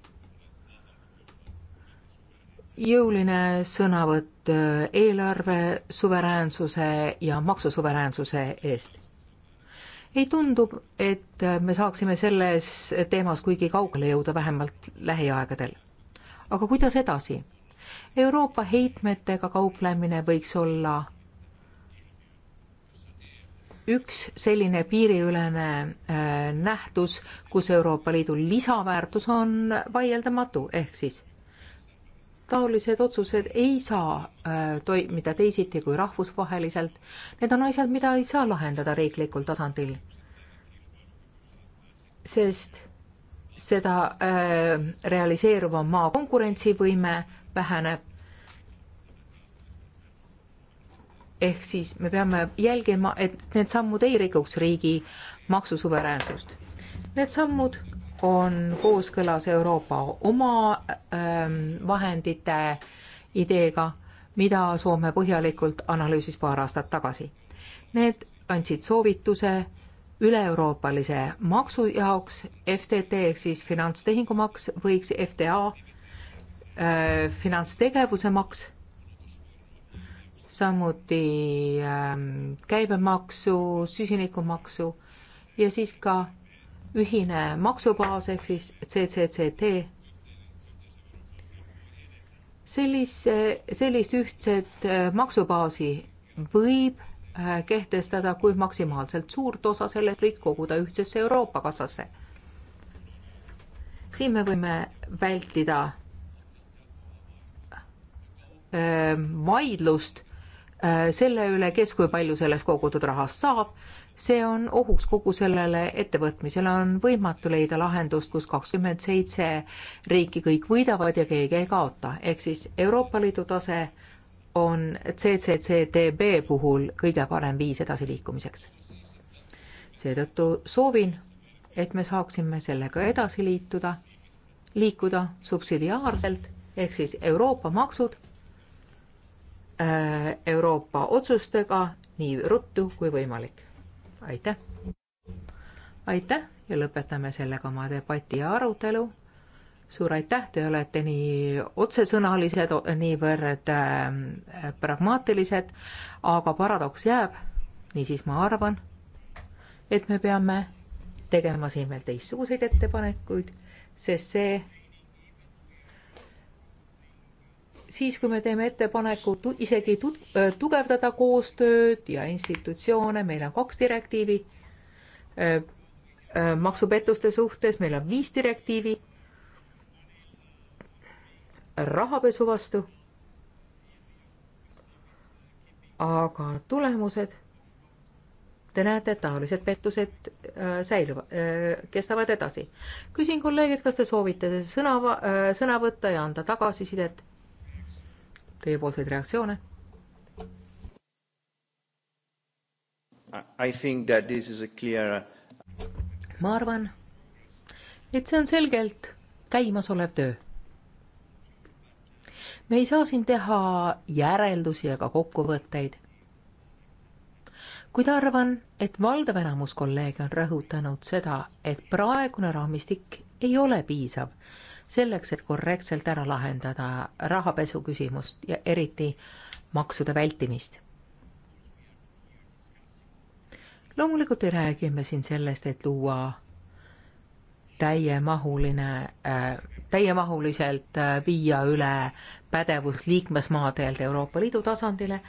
jõuline sõnavõtt äh, eelarve suveräänsuse ja maksusuveräänsuse eest ei tundub, et me saaksime selles teemas kuigi kaugele jõuda, vähemalt lähiaegadel. aga kuidas edasi? Euroopa heitmetega kauplemine võiks olla üks selline piiriülene äh, nähtus, kus Euroopa Liidu lisaväärtus on vaieldamatu, ehk siis taolised otsused ei saa äh, toimida teisiti kui rahvusvaheliselt. Need on asjad, mida ei saa lahendada riiklikul tasandil. sest seda äh, realiseeruva maa konkurentsivõime väheneb. ehk siis me peame jälgima, et need sammud ei rikuks riigi maksusuveräänsust. Need sammud on kooskõlas Euroopa oma ähm, vahendite ideega, mida Soome põhjalikult analüüsis paar aastat tagasi. Need andsid soovituse üle-euroopalise maksu jaoks FTT ehk siis finantstehingumaks võiks FTA äh, finantstegevuse maks, samuti äh, käibemaksu, süsinikumaksu ja siis ka ühine maksubaas ehk siis CCCT. sellise, sellist ühtset äh, maksubaasi võib äh, kehtestada, kui maksimaalselt suurt osa sellest võid koguda ühtsesse Euroopa kassasse. siin me võime vältida äh, vaidlust selle üle, kes kui palju sellest kogutud rahast saab see on ohuks kogu sellele ettevõtmisele, on võimatu leida lahendust, kus kakskümmend seitse riiki kõik võidavad ja keegi ei kaota, ehk siis Euroopa Liidu tase on CCCTB puhul kõige parem viis edasiliikumiseks. seetõttu soovin, et me saaksime sellega edasi liituda, liikuda subsidiaarselt, ehk siis Euroopa maksud äh, Euroopa otsustega nii ruttu kui võimalik aitäh! aitäh ja lõpetame sellega oma debati ja arutelu. suur aitäh, te olete nii otsesõnalised, niivõrd äh, pragmaatilised, aga paradoks jääb. niisiis ma arvan, et me peame tegema siin veel teistsuguseid ettepanekuid, sest see siis, kui me teeme ettepaneku tu isegi tu äh, tugevdada koostööd ja institutsioone, meil on kaks direktiivi äh, äh, maksupettuste suhtes, meil on viis direktiivi rahapesu vastu. aga tulemused, te näete, et taolised pettused äh, säiluvad äh,, kestavad edasi. küsin kolleegilt, kas te soovite sõna äh,, sõna võtta ja anda tagasisidet teiepoolseid reaktsioone. Clear... Uh, ma arvan, et see on selgelt käimasolev töö. me ei saa siin teha järeldusi ega kokkuvõtteid kuid arvan, et valdav enamus kolleege on rõhutanud seda, et praegune raamistik ei ole piisav selleks, et korrektselt ära lahendada rahapesu küsimust ja eriti maksude vältimist. loomulikult ei räägi me siin sellest, et luua täiemahuline äh,, täiemahuliselt äh, viia üle pädevus liikmesmaadelt Euroopa Liidu tasandile,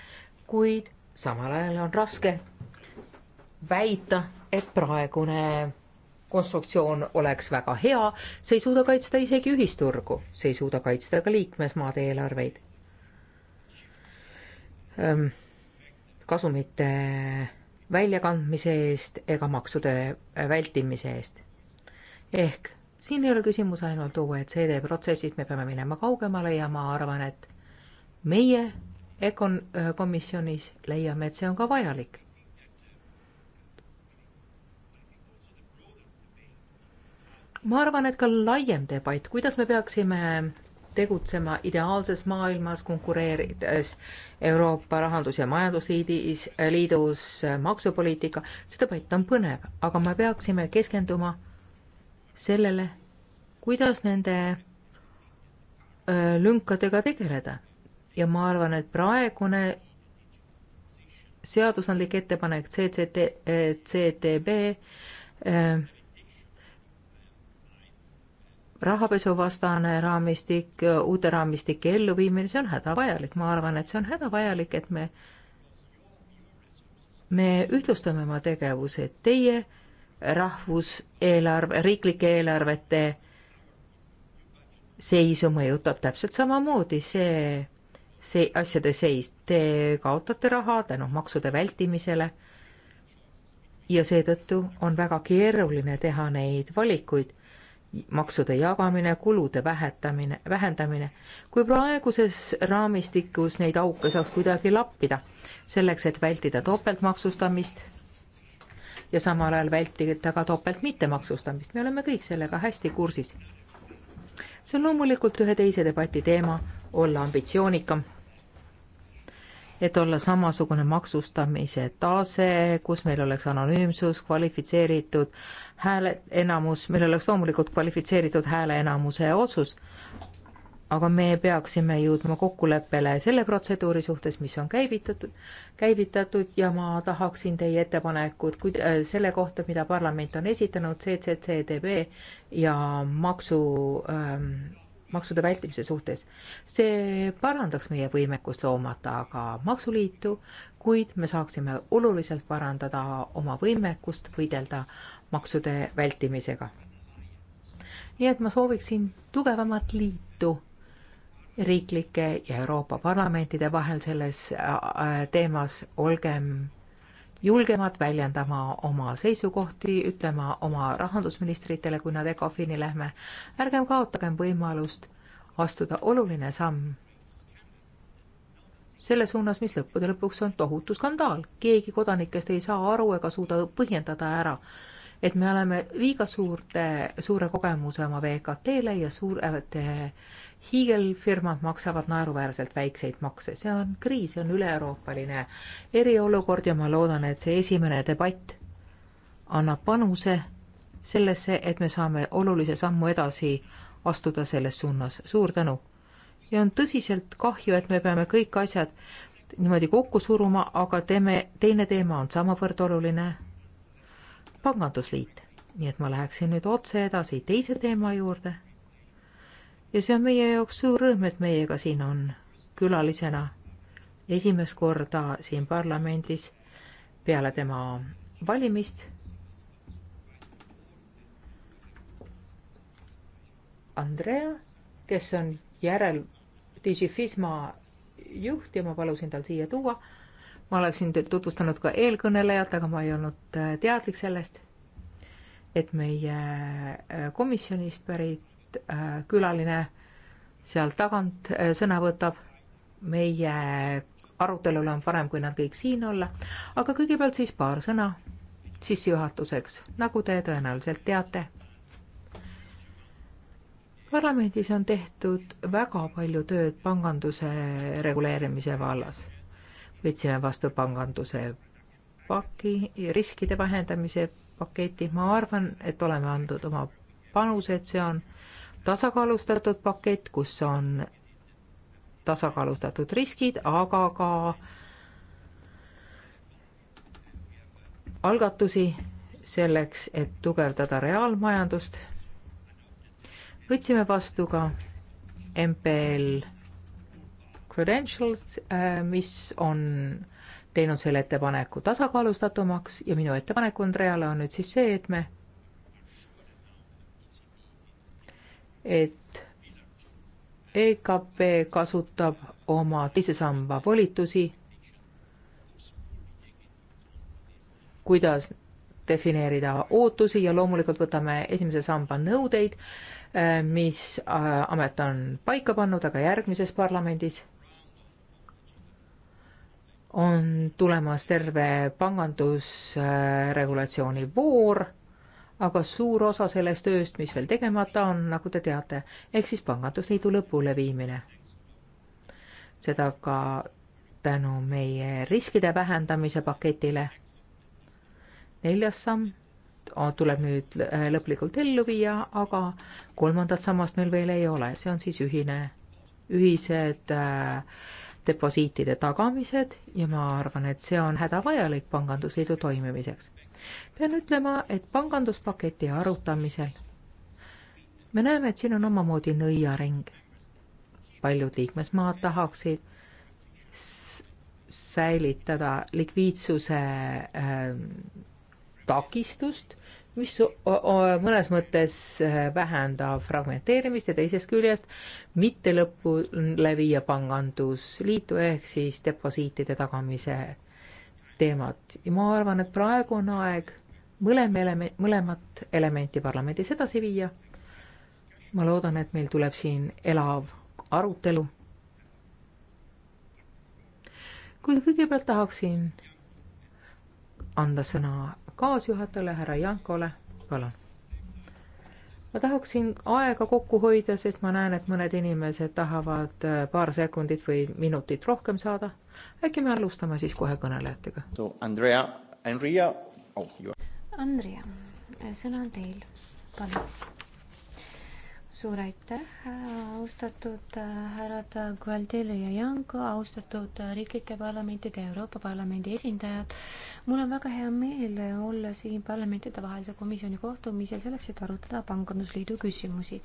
kuid samal ajal on raske väita, et praegune konstruktsioon oleks väga hea, see ei suuda kaitsta isegi ühisturgu, see ei suuda kaitsta ka liikmesmaade eelarveid. kasumite väljakandmise eest ega maksude äh, vältimise eest. ehk siin ei ole küsimus ainult OECD protsessist, me peame minema kaugemale ja ma arvan, et meie Econ äh, komisjonis leiame, et see on ka vajalik ma arvan, et ka laiem debatt, kuidas me peaksime tegutsema ideaalses maailmas, konkureerides Euroopa Rahandus- ja Majandusliidis, liidus maksupoliitika, see debatt on põnev, aga me peaksime keskenduma sellele, kuidas nende lünkadega tegeleda. ja ma arvan, et praegune seadusandlik ettepanek CCT, CTB äh, rahapesuvastane raamistik, uute raamistike elluviimine, see on hädavajalik, ma arvan, et see on hädavajalik, et me, me ühtlustame oma tegevuse, teie rahvuseelarve, riiklike eelarvete seisu mõjutab täpselt samamoodi see, see asjade seis, te kaotate raha tänu no, maksude vältimisele ja seetõttu on väga keeruline teha neid valikuid maksude jagamine, kulude vähetamine, vähendamine. kui praeguses raamistikus neid auke saaks kuidagi lappida, selleks et vältida topeltmaksustamist ja samal ajal vältida ka topelt mittemaksustamist, me oleme kõik sellega hästi kursis. see on loomulikult ühe teise debati teema, olla ambitsioonikam et olla samasugune maksustamise tase, kus meil oleks anonüümsus, kvalifitseeritud hääle enamus, meil oleks loomulikult kvalifitseeritud hääle enamuse otsus, aga me peaksime jõudma kokkuleppele selle protseduuri suhtes, mis on käivitatud, käivitatud ja ma tahaksin teie ettepanekut kui, äh, selle kohta, mida parlament on esitanud, CCCTB ja maksu ähm, maksude vältimise suhtes. see parandaks meie võimekust loomata ka maksuliitu, kuid me saaksime oluliselt parandada oma võimekust võidelda maksude vältimisega. nii et ma sooviksin tugevamat liitu riiklike ja Euroopa parlamentide vahel selles äh, teemas, olgem julgemad väljendama oma seisukohti, ütlema oma rahandusministritele, kui nad ECOFIN-i lähme, ärgem kaotagem võimalust astuda oluline samm selle suunas, mis lõppude lõpuks on tohutu skandaal. keegi kodanikest ei saa aru ega suuda põhjendada ära, et me oleme liiga suurte, suure kogemuse oma VKT-le ja suured eh, hiigelfirmad maksavad naeruväärselt väikseid makse. see on kriis, see on üle-euroopaline eriolukord ja ma loodan, et see esimene debatt annab panuse sellesse, et me saame olulise sammu edasi astuda selles suunas. suur tänu! ja on tõsiselt kahju, et me peame kõik asjad niimoodi kokku suruma, aga teeme, teine teema on samavõrd oluline pangandusliit. nii et ma läheksin nüüd otse edasi teise teema juurde. ja see on meie jaoks suur rõõm, et meiega siin on külalisena esimest korda siin parlamendis peale tema valimist Andrea, kes on järel Digifisma juht ja ma palusin tal siia tuua ma oleksin tutvustanud ka eelkõnelejat, aga ma ei olnud äh, teadlik sellest, et meie äh, komisjonist pärit äh, külaline seal tagant sõna võtab. meie arutelul on parem, kui nad kõik siin olla, aga kõigepealt siis paar sõna sissejuhatuseks, nagu te tõenäoliselt teate. parlamendis on tehtud väga palju tööd panganduse reguleerimise vallas võtsime vastu panganduse paki, riskide vähendamise paketi, ma arvan, et oleme andnud oma panuse, et see on tasakaalustatud pakett, kus on tasakaalustatud riskid, aga ka algatusi selleks, et tugevdada reaalmajandust. võtsime vastu ka MPL Credentials, äh, mis on teinud selle ettepaneku tasakaalustatumaks ja minu ettepanek Andreale on nüüd siis see, et me, et EKP kasutab oma teise samba volitusi, kuidas defineerida ootusi ja loomulikult võtame esimese samba nõudeid äh, mis äh, amet on paika pannud, aga järgmises parlamendis on tulemas terve pangandusregulatsiooni voor, aga suur osa sellest tööst, mis veel tegemata on, nagu te teate, ehk siis pangandusliidu lõpule viimine. seda ka tänu meie riskide vähendamise paketile. neljas samm tuleb nüüd äh, lõplikult ellu viia, aga kolmandat sammast meil veel ei ole, see on siis ühine, ühised äh, deposiitide tagamised ja ma arvan, et see on hädavajalik pangandusliidu toimimiseks. pean ütlema, et panganduspaketi arutamisel me näeme, et siin on omamoodi nõiaring. paljud liikmesmaad tahaksid säilitada likviidsuse äh, takistust mis mõnes mõttes eh, vähendab fragmenteerimist ja teisest küljest mitte lõpule viia pangandusliitu ehk siis deposiitide tagamise teemat. ja ma arvan, et praegu on aeg mõlema eleme-, mõlemat elementi parlamendis edasi viia. ma loodan, et meil tuleb siin elav arutelu. kuid kõigepealt tahaksin anda sõna kaasjuhatajale, härra Jankole, palun. ma tahaksin aega kokku hoida, sest ma näen, et mõned inimesed tahavad äh, paar sekundit või minutit rohkem saada. äkki me alustame siis kohe kõnelejatega. Andrea, Andrea oh,, Andrea, sõna on teil, palun suur aitäh, austatud äh, härrad Gualdeli ja Janko, austatud äh, riiklike parlamentide ja Euroopa Parlamendi esindajad. mul on väga hea meel olla siin parlamentidevahelise komisjoni kohtumisel selleks, et arutada pangandusliidu küsimusi.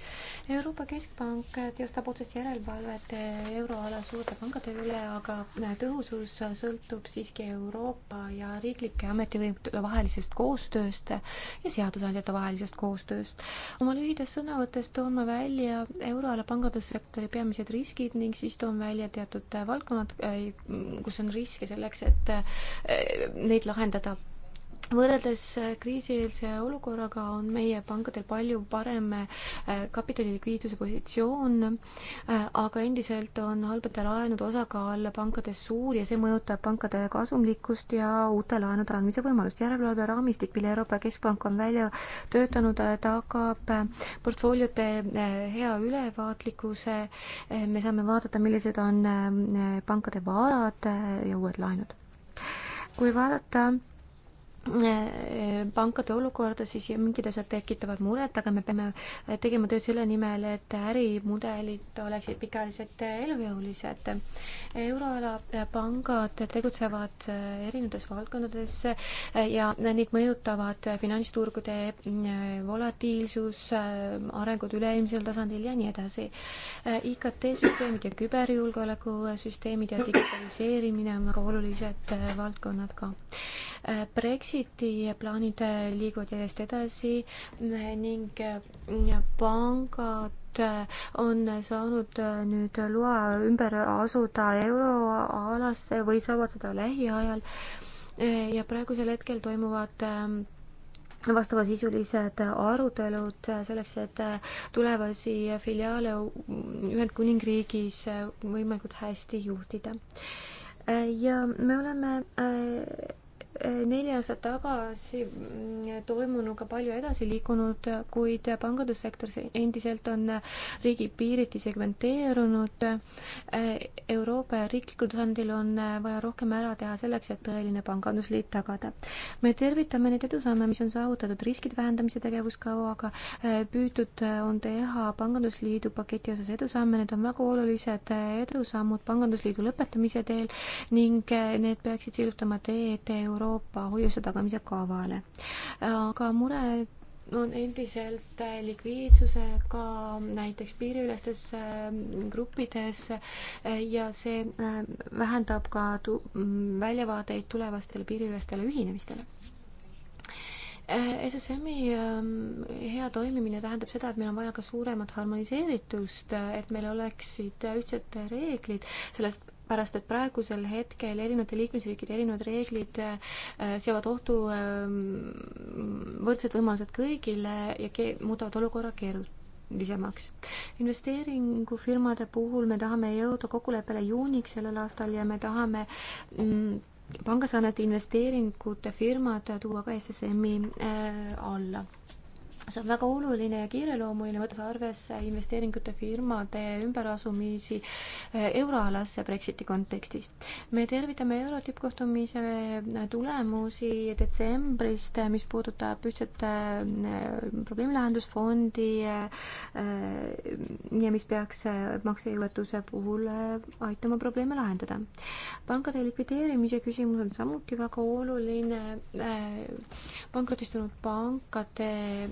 Euroopa Keskpank teostab otsest järelevalvet euroala suurte pangade üle, aga äh, tõhusus sõltub siiski Euroopa ja riiklike ametivõimude vahelisest koostööst ja seadusandjate vahelisest koostööst. oma lühides sõnavõttes toon ma ma välja euroala pangandussektori peamised riskid ning siis toon välja teatud äh, valdkonnad, äh, kus on riske selleks, et äh, neid lahendada võrreldes äh, kriisieelse olukorraga on meie pankadel palju parem äh, kapitali likviidsuse positsioon, äh, aga endiselt on halbade laenude osakaal pankades suur ja see mõjutab pankade kasumlikkust ja uute laenude andmise võimalust. järelevalve raamistik, mille Euroopa Keskpank on välja töötanud, tagab portfooliode hea ülevaatlikkuse, me saame vaadata, millised on pankade varad ja uued laenud. kui vaadata Äh, pankade olukorda, siis mingid asjad tekitavad muret, aga me peame äh, tegema tööd selle nimel, et ärimudelid oleksid pikaajaliselt äh, elujõulised. euroala pangad tegutsevad erinevates valdkondades ja neid mõjutavad finantsturgude volatiilsus, arengud üleilmsel tasandil ja nii edasi. IKT-süsteemid ja küberjulgeolekusüsteemid ja digitaliseerimine on väga olulised valdkonnad ka. Brexit teisiti, plaanid liiguvad järjest edasi ning pangad on saanud nüüd loa ümber asuda euroalasse või saavad seda lähiajal. ja praegusel hetkel toimuvad ähm, vastavasisulised arutelud selleks, et tulevasi filiaale Ühendkuningriigis võimalikult hästi juhtida. ja me oleme äh, neli aastat tagasi mm, toimunuga palju edasi liikunud, kuid pangandussektor endiselt on riigi piiriti segmenteerunud. Euroopa ja riiklikul tasandil on vaja rohkem ära teha selleks, et tõeline pangandusliit tagada. me tervitame neid edusamme, mis on saavutatud riskide vähendamise tegevuskavaga, püütud on teha pangandusliidu paketi osas edusamme, need on väga olulised edusammud pangandusliidu lõpetamise teel ning need peaksid sillutama teed Euroopa Euroopa hoiuse tagamise kavale. aga mure on endiselt likviidsusega näiteks piiriülestes ähm, gruppides ja see ähm, vähendab ka tu-, mm, väljavaateid tulevastele piiriülestele ühinemistele. Äh, SSM-i ähm, hea toimimine tähendab seda, et meil on vaja ka suuremat harmoniseeritust, et meil oleksid ühtsed reeglid, sellest pärast et praegusel hetkel erinevate liikmesriikide erinevad reeglid äh, seavad ohtu ähm, võrdsed võimalused kõigile ja ke-, muudavad olukorra keerulisemaks. investeeringufirmade puhul me tahame jõuda kokkuleppele juuniks sellel aastal ja me tahame mm, pangasarnaste investeeringute firmad tuua ka SSM-i äh, alla see on väga oluline ja kiireloomuline, võttes arvesse investeeringute firmade ümberasumisi eh, euroalasse Brexiti kontekstis. me tervitame euro tippkohtumise eh, tulemusi detsembrist, eh, mis puudutab ühtset probleemilahendusfondi ja mis peaks maksejõuetuse puhul aitama probleeme lahendada. pankade likvideerimise küsimus on samuti väga oluline. pankrotistunud pankade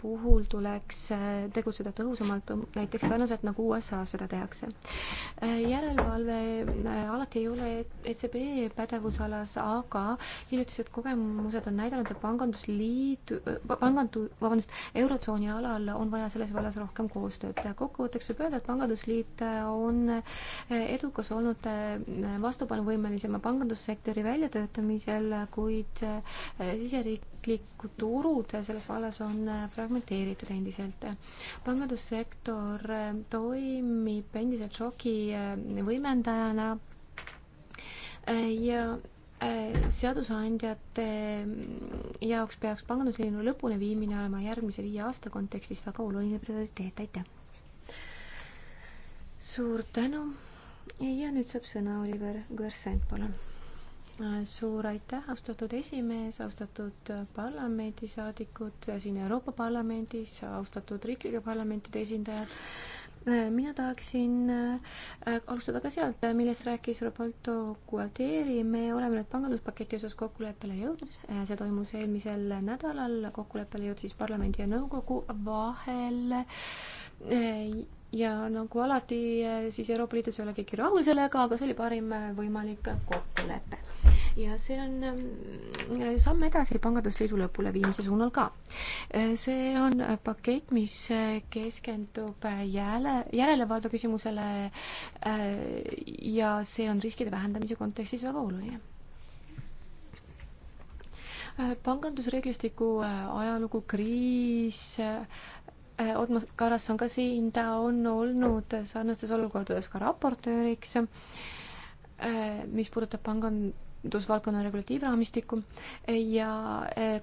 puhul tuleks äh, tegutseda tõhusamalt, näiteks sarnaselt nagu USA-s seda tehakse. Äh, järelevalve äh, alati ei ole ECB pädevusalas, aga hiljutised kogemused on näidanud, et pangandusliidu, pangandu-, vabandust, Eurotsooni alal on vaja selles vallas rohkem koostööd. kokkuvõtteks võib öelda, et pangandusliit on edukas olnud vastupanuvõimelisema pangandussektori väljatöötamisel, kuid siseriik-, riiklikud turud selles vallas on äh, fragmenteeritud endiselt. pangandussektor äh, toimib endiselt šoki äh, võimendajana ja seadusandjate jaoks peaks pangandusliidu lõpule viimine olema järgmise viie aasta kontekstis väga oluline prioriteet, aitäh! suur tänu ja nüüd saab sõna Oliver Kõrsent, palun! suur aitäh, austatud esimees, austatud parlamendisaadikud siin Euroopa Parlamendis, austatud riiklike parlamentide esindajad. mina tahaksin äh, alustada ka sealt, millest rääkis Roberto Gualtieri. me oleme nüüd panganduspaketi osas kokkuleppele jõudnud, äh, see toimus eelmisel nädalal, kokkuleppele jõudis siis parlamendi ja nõukogu vahel äh, ja nagu alati, eh, siis Euroopa Liidus ei ole keegi rahul sellega, aga see oli parim eh, võimalik kokkulepe. ja see on mm, samm edasi pangandusliidu lõpuleviimise suunal ka. Eh, see on pakett, mis keskendub jäle, järelevalve küsimusele ja see on riskide vähendamise kontekstis väga oluline pangandusreeglistiku ajalugu, kriis äh,, Äh, Otmas Karas on ka siin, ta on olnud sarnastes olukordades ka raportööriks, äh, mis puudutab pangandusvaldkonna regulatiivraamistikku äh, ja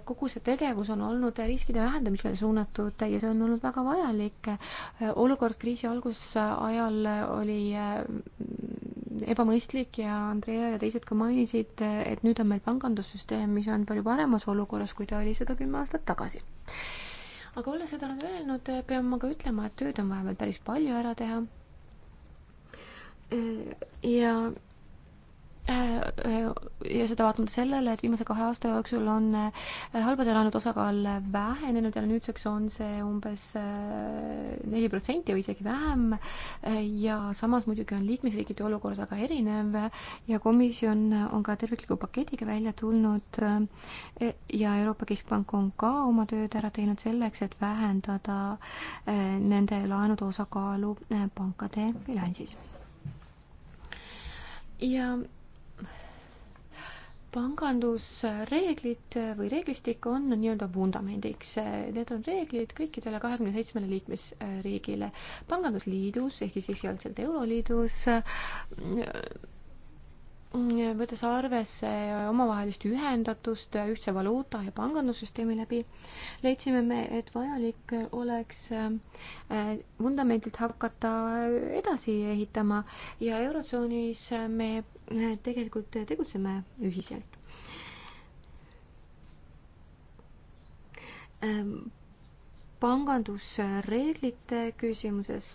kogu see tegevus on olnud riskide vähendamisele suunatud ja see on olnud väga vajalik. olukord kriisi algusajal oli ebamõistlik ja Andrea ja teised ka mainisid, et nüüd on meil pangandussüsteem, mis on palju paremas olukorras, kui ta oli seda kümme aastat tagasi aga olles seda nüüd öelnud, eh, pean ma ka ütlema, et tööd on vaja veel päris palju ära teha. ja Äh, äh, ja seda vaatamata sellele, et viimase kahe aasta jooksul on äh, halbade laenude osakaal vähenenud ja nüüdseks on see umbes neli protsenti või isegi vähem. ja samas muidugi on liikmesriikide olukord väga erinev ja komisjon on ka tervikliku paketiga välja tulnud ja Euroopa Keskpank on ka oma tööd ära teinud selleks, et vähendada nende laenude osakaalu pankade bilansis. ja pangandusreeglid või reeglistik on nii-öelda vundamendiks. Need on reeglid kõikidele kahekümne seitsmele liikmesriigile. pangandusliidus ehk siis esialgselt Euroliidus võttes arvesse omavahelist ühendatust ühtse valuuta ja pangandussüsteemi läbi, leidsime me, et vajalik oleks äh, vundamendilt hakata edasi ehitama ja Eurotsoonis me äh, tegelikult tegutseme ühiselt äh, pangandusreeglite küsimuses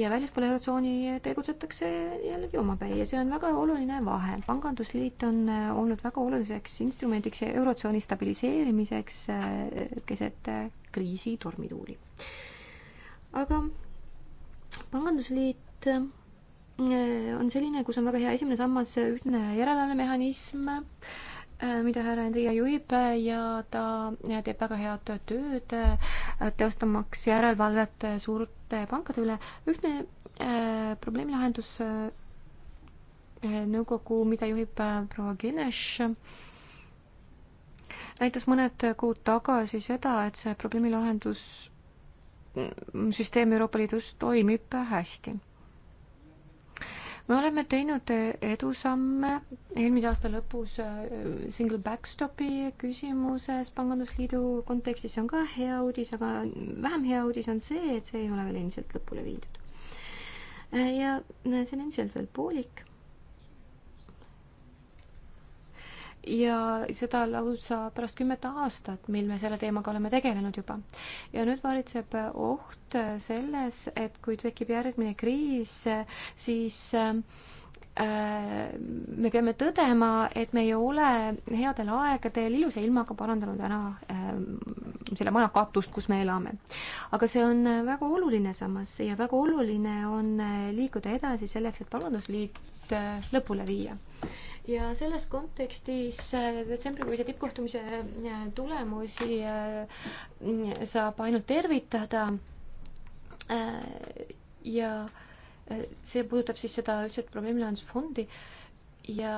ja väljaspool eurotsooni tegutsetakse jällegi omapäi ja see on väga oluline vahe. pangandusliit on äh, olnud väga oluliseks instrumendiks eurotsooni stabiliseerimiseks äh, keset äh, kriisi tormituuli. aga pangandusliit on selline, kus on väga hea esimene sammas, ühtne järelevalvemehhanism Äh, mida härra Andrea juhib äh, ja ta teeb väga head tööd, äh, teostamaks järelevalvet suurte pankade üle. ühtne äh, probleemilahendus äh, nõukogu, mida juhib äh, proua Genes, näitas mõned kuud tagasi seda, et see probleemilahendus mm, süsteem Euroopa Liidus toimib hästi me oleme teinud edusamme eelmise aasta lõpus äh, single backstopi küsimuses Pangandusliidu kontekstis, see on ka hea uudis, aga vähem hea uudis on see, et see ei ole veel endiselt lõpule viidud. Äh, ja see on endiselt veel poolik ja seda lausa pärast kümmet aastat, mil me selle teemaga oleme tegelenud juba. ja nüüd varitseb oht selles, et kui tekib järgmine kriis, siis äh, me peame tõdema, et me ei ole headel aegadel ilusa ilmaga parandanud ära äh, selle maja katust, kus me elame. aga see on väga oluline samas ja väga oluline on liikuda edasi selleks, et pangandusliit äh, lõpule viia ja selles kontekstis äh, detsembrikuise tippkohtumise äh, tulemusi äh, saab ainult tervitada ja see puudutab siis seda ühtset probleemilahendusfondi ja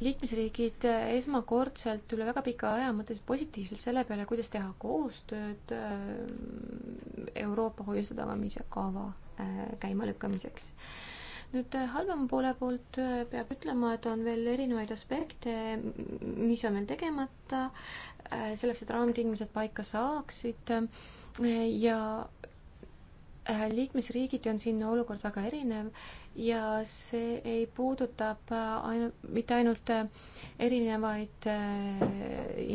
liikmesriigid esmakordselt üle väga pika aja mõtlesid positiivselt selle peale, kuidas teha koostööd Euroopa hoiuste tagamise kava käimalükkamiseks nüüd eh, halvema poole poolt eh, peab ütlema, et on veel erinevaid aspekte, mis on veel tegemata, eh, selleks, et raamtingimused paika saaksid ja liikmesriigiti on siin olukord väga erinev ja see ei puudutab ainult, mitte ainult erinevaid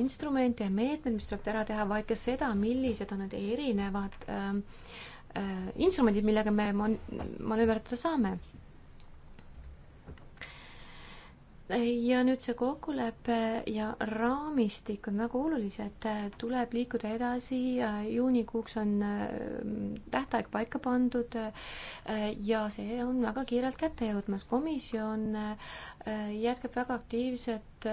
instrumente ja meetmeid, mis tuleb ära teha, vaid ka seda, millised on need erinevad instrumendid, millega me man-, manööverdada saame ja nüüd see kokkulepe ja raamistik on väga olulised, tuleb liikuda edasi, juunikuuks on äh, tähtaeg paika pandud äh, ja see on väga kiirelt kätte jõudmas. komisjon äh, jätkab väga aktiivset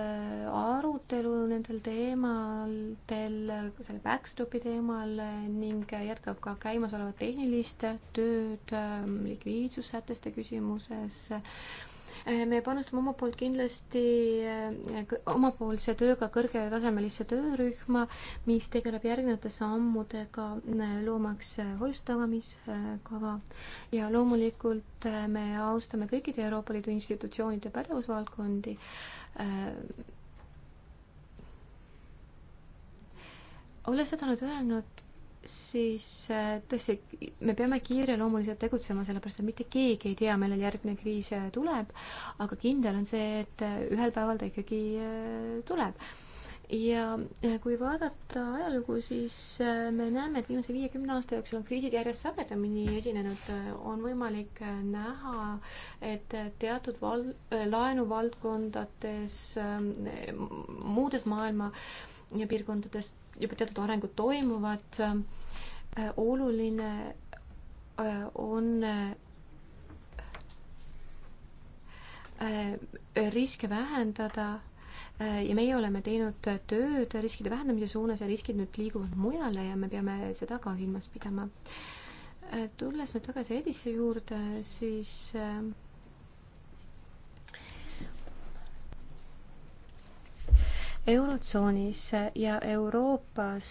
arutelu nendel teemadel, selle backstopi teemal ning jätkab ka käimasolevat tehnilist tööd likviidsussäteste küsimuses Eh, me panustame omalt poolt kindlasti eh, omapoolse tööga kõrgetasemelisse töörühma, mis tegeleb järgnevate sammudega, eh, loomaks hoiustagamiskava ja loomulikult me austame kõikide Euroopa Liidu institutsioonide pädevusvaldkondi olles seda nüüd öelnud, siis äh, tõesti, me peame kiireloomuliselt tegutsema, sellepärast et mitte keegi ei tea, millal järgmine kriis äh, tuleb, aga kindel on see, et äh, ühel päeval ta ikkagi tuleb. ja kui vaadata ajalugu, siis me näeme, et viimase viiekümne aasta jooksul on kriisid järjest sagedamini esinenud, on võimalik näha, et teatud val-, laenuvaldkondades, muudes maailma piirkondades juba teatud arengud toimuvad. Äh, oluline äh, on äh, riske vähendada ja meie oleme teinud tööd riskide vähendamise suunas ja riskid nüüd liiguvad mujale ja me peame seda ka silmas pidama. tulles nüüd tagasi Edisse juurde, siis äh, Eurotsoonis ja Euroopas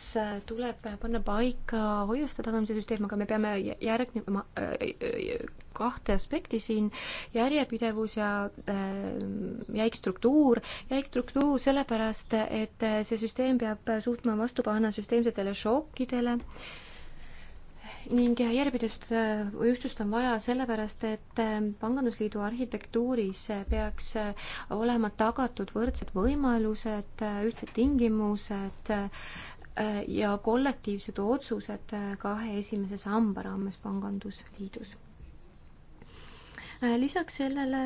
tuleb panna paika hoiuste tagamise süsteem, aga me peame järgnema äh, äh, kahte aspekti siin, järjepidevus ja äh, jäik struktuur, jäik struktuur sellepärast, et see süsteem peab suutma vastu panna süsteemsetele šokkidele, ning järjepidevust äh, või ühtsust on vaja sellepärast, et äh, pangandusliidu arhitektuuris äh, peaks olema tagatud võrdsed võimalused, ühtsed tingimused ja kollektiivsed otsused kahe esimese samba raames pangandusliidus. lisaks sellele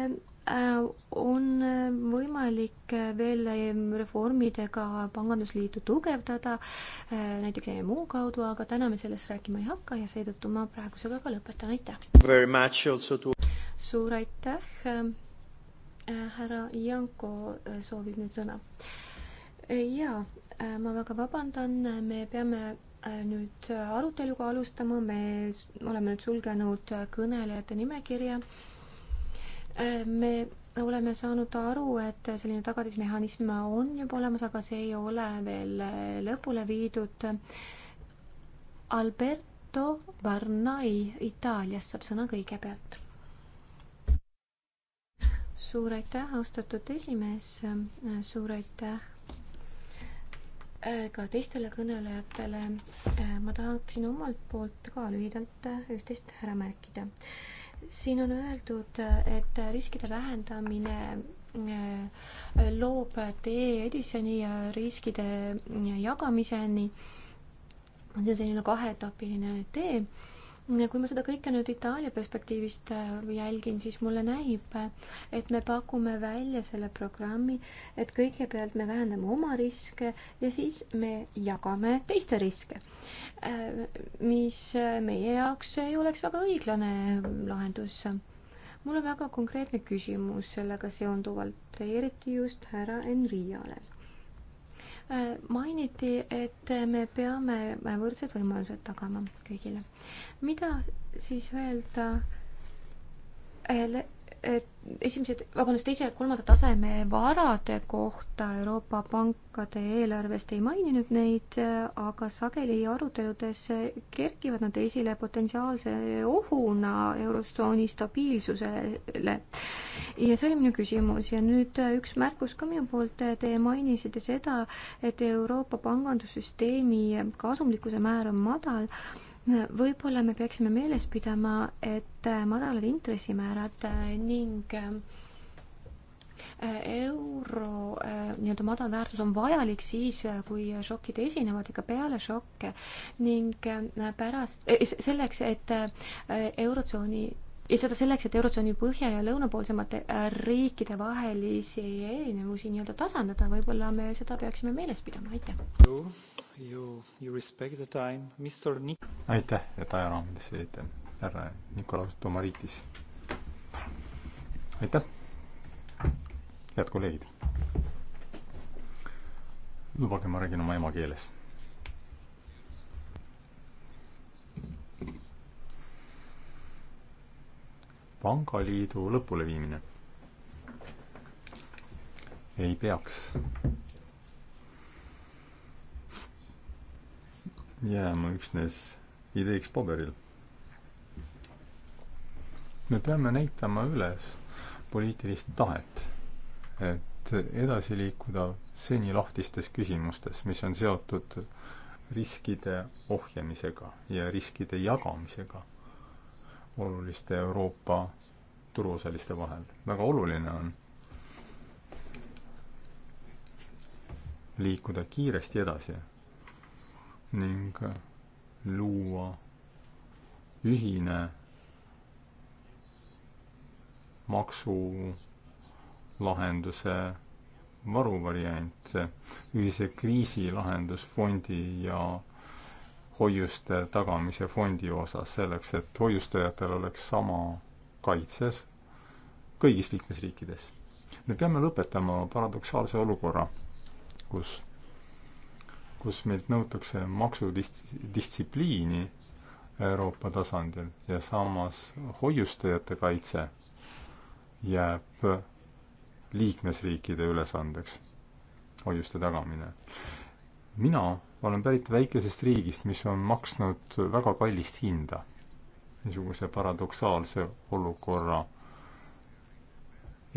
Äh, on äh, võimalik äh, veel reformidega pangandusliitu tugevdada, näiteks EMU kaudu, aga täna me sellest rääkima ei hakka ja seetõttu ma praegusega ka lõpetan, aitäh! To... suur aitäh! härra Janko soovib nüüd sõna. jaa, ma väga vabandan, me peame nüüd aruteluga alustama, me oleme nüüd sulgenud kõnelejate nimekirja Äh, me oleme saanud aru, et selline tagatismehhanism on juba olemas, aga see ei ole veel lõpule viidud. Alberto Barnai Itaaliast saab sõna kõigepealt. suur aitäh, austatud esimees, suur aitäh äh, ka teistele kõnelejatele. Äh, ma tahaksin omalt poolt ka lühidalt üht-teist ära märkida siin on öeldud, et riskide vähendamine äh, loob tee Edisoni riskide äh, jagamiseni. see on selline kaheetapiline tee kui ma seda kõike nüüd Itaalia perspektiivist äh, jälgin, siis mulle näib, et me pakume välja selle programmi, et kõigepealt me vähendame oma riske ja siis me jagame teiste riske, äh, mis meie jaoks ei oleks väga õiglane lahendus. mul on väga konkreetne küsimus sellega seonduvalt, eriti just härra Enriale mainiti, et me peame võrdsed võimalused tagama kõigile. mida siis öelda eh, esimese, vabandust, teise ja kolmanda taseme varade kohta Euroopa pankade eelarvest ei maininud neid, aga sageli aruteludes kerkivad nad esile potentsiaalse ohuna eurotsooni stabiilsusele. ja see oli minu küsimus ja nüüd üks märkus ka minu poolt, te mainisite seda, et Euroopa pangandussüsteemi kasumlikkuse määr on madal võib-olla me peaksime meeles pidama, et äh, madalad intressimäärad äh, ning äh, euro nii-öelda madal väärtus on vajalik siis, kui šokid esinevad ega peale šokke ning pärast, selleks, et eurotsooni ja seda selleks, et Eurotsooni põhja- ja lõunapoolsemate riikide vahelisi erinevusi nii-öelda tasandada, võib-olla me seda peaksime meeles pidama, aitäh! You, you respect the time, Mr Nik-. aitäh, et ajaraamides jäite, härra Nikolaus Tomaritis. aitäh, head kolleegid. lubage, ma räägin oma emakeeles. pangaliidu lõpuleviimine ei peaks jääma üksnes ideeks paberil. me peame näitama üles poliitilist tahet, et edasi liikuda seni lahtistes küsimustes, mis on seotud riskide ohjamisega ja riskide jagamisega oluliste Euroopa turuosaliste vahel. väga oluline on liikuda kiiresti edasi ning luua ühine maksulahenduse varuvariant, ühise kriisilahendusfondi ja hoiuste tagamise fondi osas, selleks et hoiustajatel oleks sama kaitses kõigis liikmesriikides. me peame lõpetama paradoksaalse olukorra, kus kus meilt nõutakse maksudistsipliini Euroopa tasandil ja samas hoiustajate kaitse jääb liikmesriikide ülesandeks, hoiuste tagamine. mina olen pärit väikesest riigist, mis on maksnud väga kallist hinda niisuguse paradoksaalse olukorra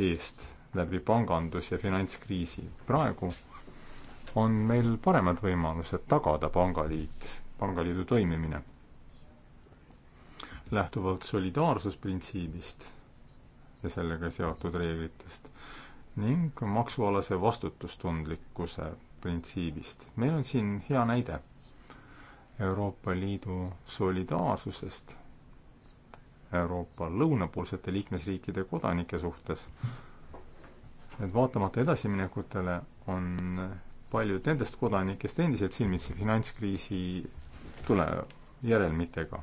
eest läbi pangandus- ja finantskriisi. praegu on meil paremad võimalused tagada pangaliit, pangaliidu toimimine. lähtuvalt solidaarsusprintsiibist ja sellega seotud reeglitest ning maksualase vastutustundlikkuse printsiibist. meil on siin hea näide Euroopa Liidu solidaarsusest Euroopa lõunapoolsete liikmesriikide kodanike suhtes. et vaatamata edasiminekutele on paljud nendest kodanikest endiselt silmitsi finantskriisi tule, järelmitega.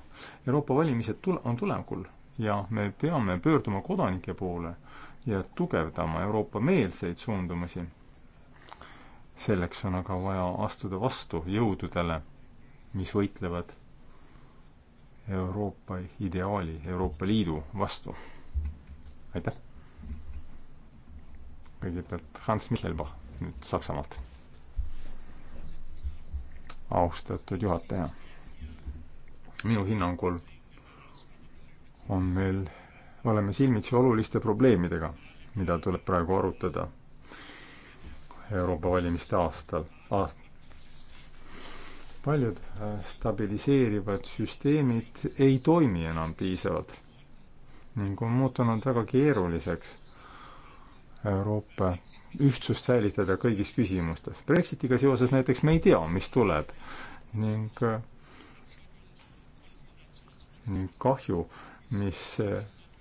Euroopa valimised tule-, on tulekul ja me peame pöörduma kodanike poole ja tugevdama Euroopa meelseid suundumusi. selleks on aga vaja astuda vastu jõududele, mis võitlevad Euroopa ideaali, Euroopa Liidu vastu. aitäh! kõigepealt Hans Michelbach nüüd Saksamaalt austatud juhataja. minu hinnangul on meil, oleme silmitsi oluliste probleemidega, mida tuleb praegu arutada Euroopa valimiste aastal, aast-. paljud äh, stabiliseerivad süsteemid ei toimi enam piisavalt ning on muutunud väga keeruliseks Euroopa ühtsust säilitada kõigis küsimustes. Brexitiga seoses näiteks me ei tea, mis tuleb ning, ning kahju, mis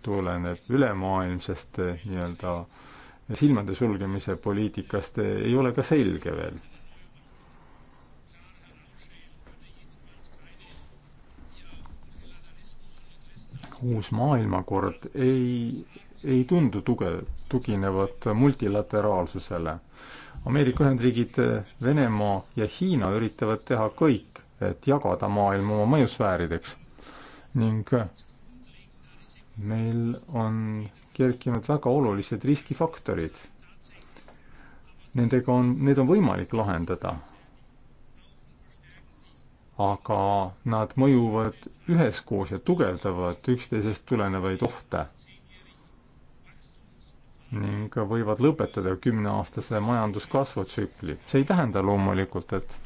tuleneb ülemaailmsest eh, nii-öelda silmade sulgemise poliitikast, eh, ei ole ka selge veel. uus maailmakord ei ei tundu tuge-, tuginevat multilateraalsusele. Ameerika Ühendriigid, Venemaa ja Hiina üritavad teha kõik, et jagada maailma oma mõjusfäärideks. ning meil on kerkinud väga olulised riskifaktorid. Nendega on, need on võimalik lahendada. aga nad mõjuvad üheskoos ja tugevdavad üksteisest tulenevaid ohte ning võivad lõpetada kümneaastase majanduskasvutsükli. see ei tähenda loomulikult, et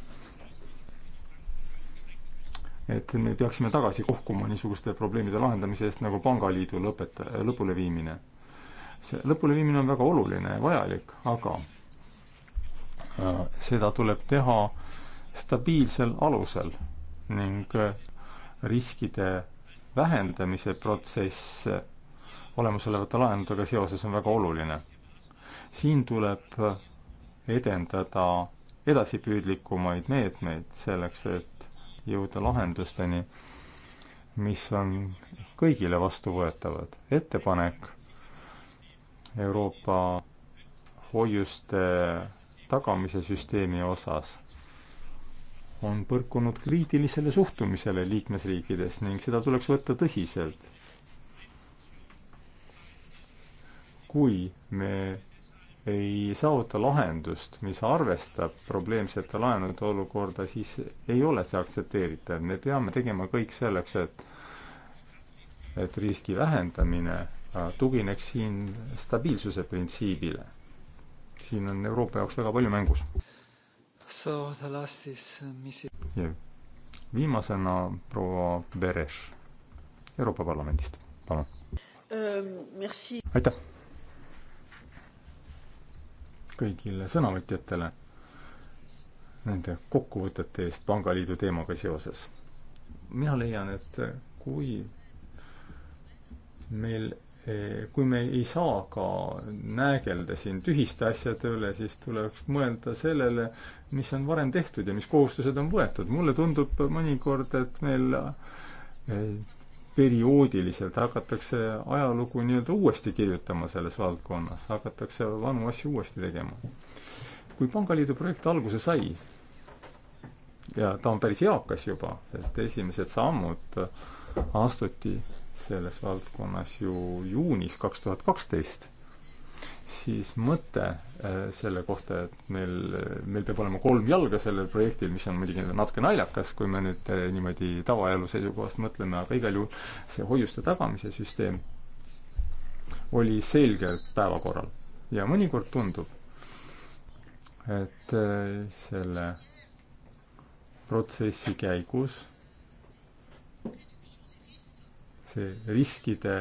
et me peaksime tagasi kohkuma niisuguste probleemide lahendamise eest nagu pangaliidu lõpeta-, lõpuleviimine. see lõpuleviimine on väga oluline ja vajalik, aga äh, seda tuleb teha stabiilsel alusel ning äh, riskide vähendamise protsess olemasolevate laenudega seoses on väga oluline. siin tuleb edendada edasipüüdlikumaid meetmeid selleks, et jõuda lahendusteni, mis on kõigile vastuvõetavad. ettepanek Euroopa hoiuste tagamise süsteemi osas on põrkunud kriitilisele suhtumisele liikmesriikides ning seda tuleks võtta tõsiselt kui me ei saavuta lahendust, mis arvestab probleemsete laenude olukorda, siis ei ole see aktsepteeritav. me peame tegema kõik selleks, et et riski vähendamine tugineks siin stabiilsuse printsiibile. siin on Euroopa jaoks väga palju mängus. Uh, mis... ja viimasena proua Beres Euroopa Parlamendist, palun. Um, aitäh kõigile sõnavõtjatele nende kokkuvõtete eest Pangaliidu teemaga seoses. mina leian, et kui meil, kui me ei saa ka näägelda siin tühiste asjade üle, siis tuleks mõelda sellele, mis on varem tehtud ja mis kohustused on võetud. mulle tundub mõnikord, et meil perioodiliselt hakatakse ajalugu nii-öelda uuesti kirjutama selles valdkonnas, hakatakse vanu asju uuesti tegema. kui Pangaliidu projekt alguse sai, ja ta on päris eakas juba, sest esimesed sammud astuti selles valdkonnas ju juunis kaks tuhat kaksteist siis mõte äh, selle kohta, et meil, meil peab olema kolm jalga sellel projektil, mis on muidugi natuke naljakas, kui me nüüd äh, niimoodi tavaelu seisukohast mõtleme, aga igal juhul see hoiuste tagamise süsteem oli selgelt päevakorral. ja mõnikord tundub, et äh, selle protsessi käigus see riskide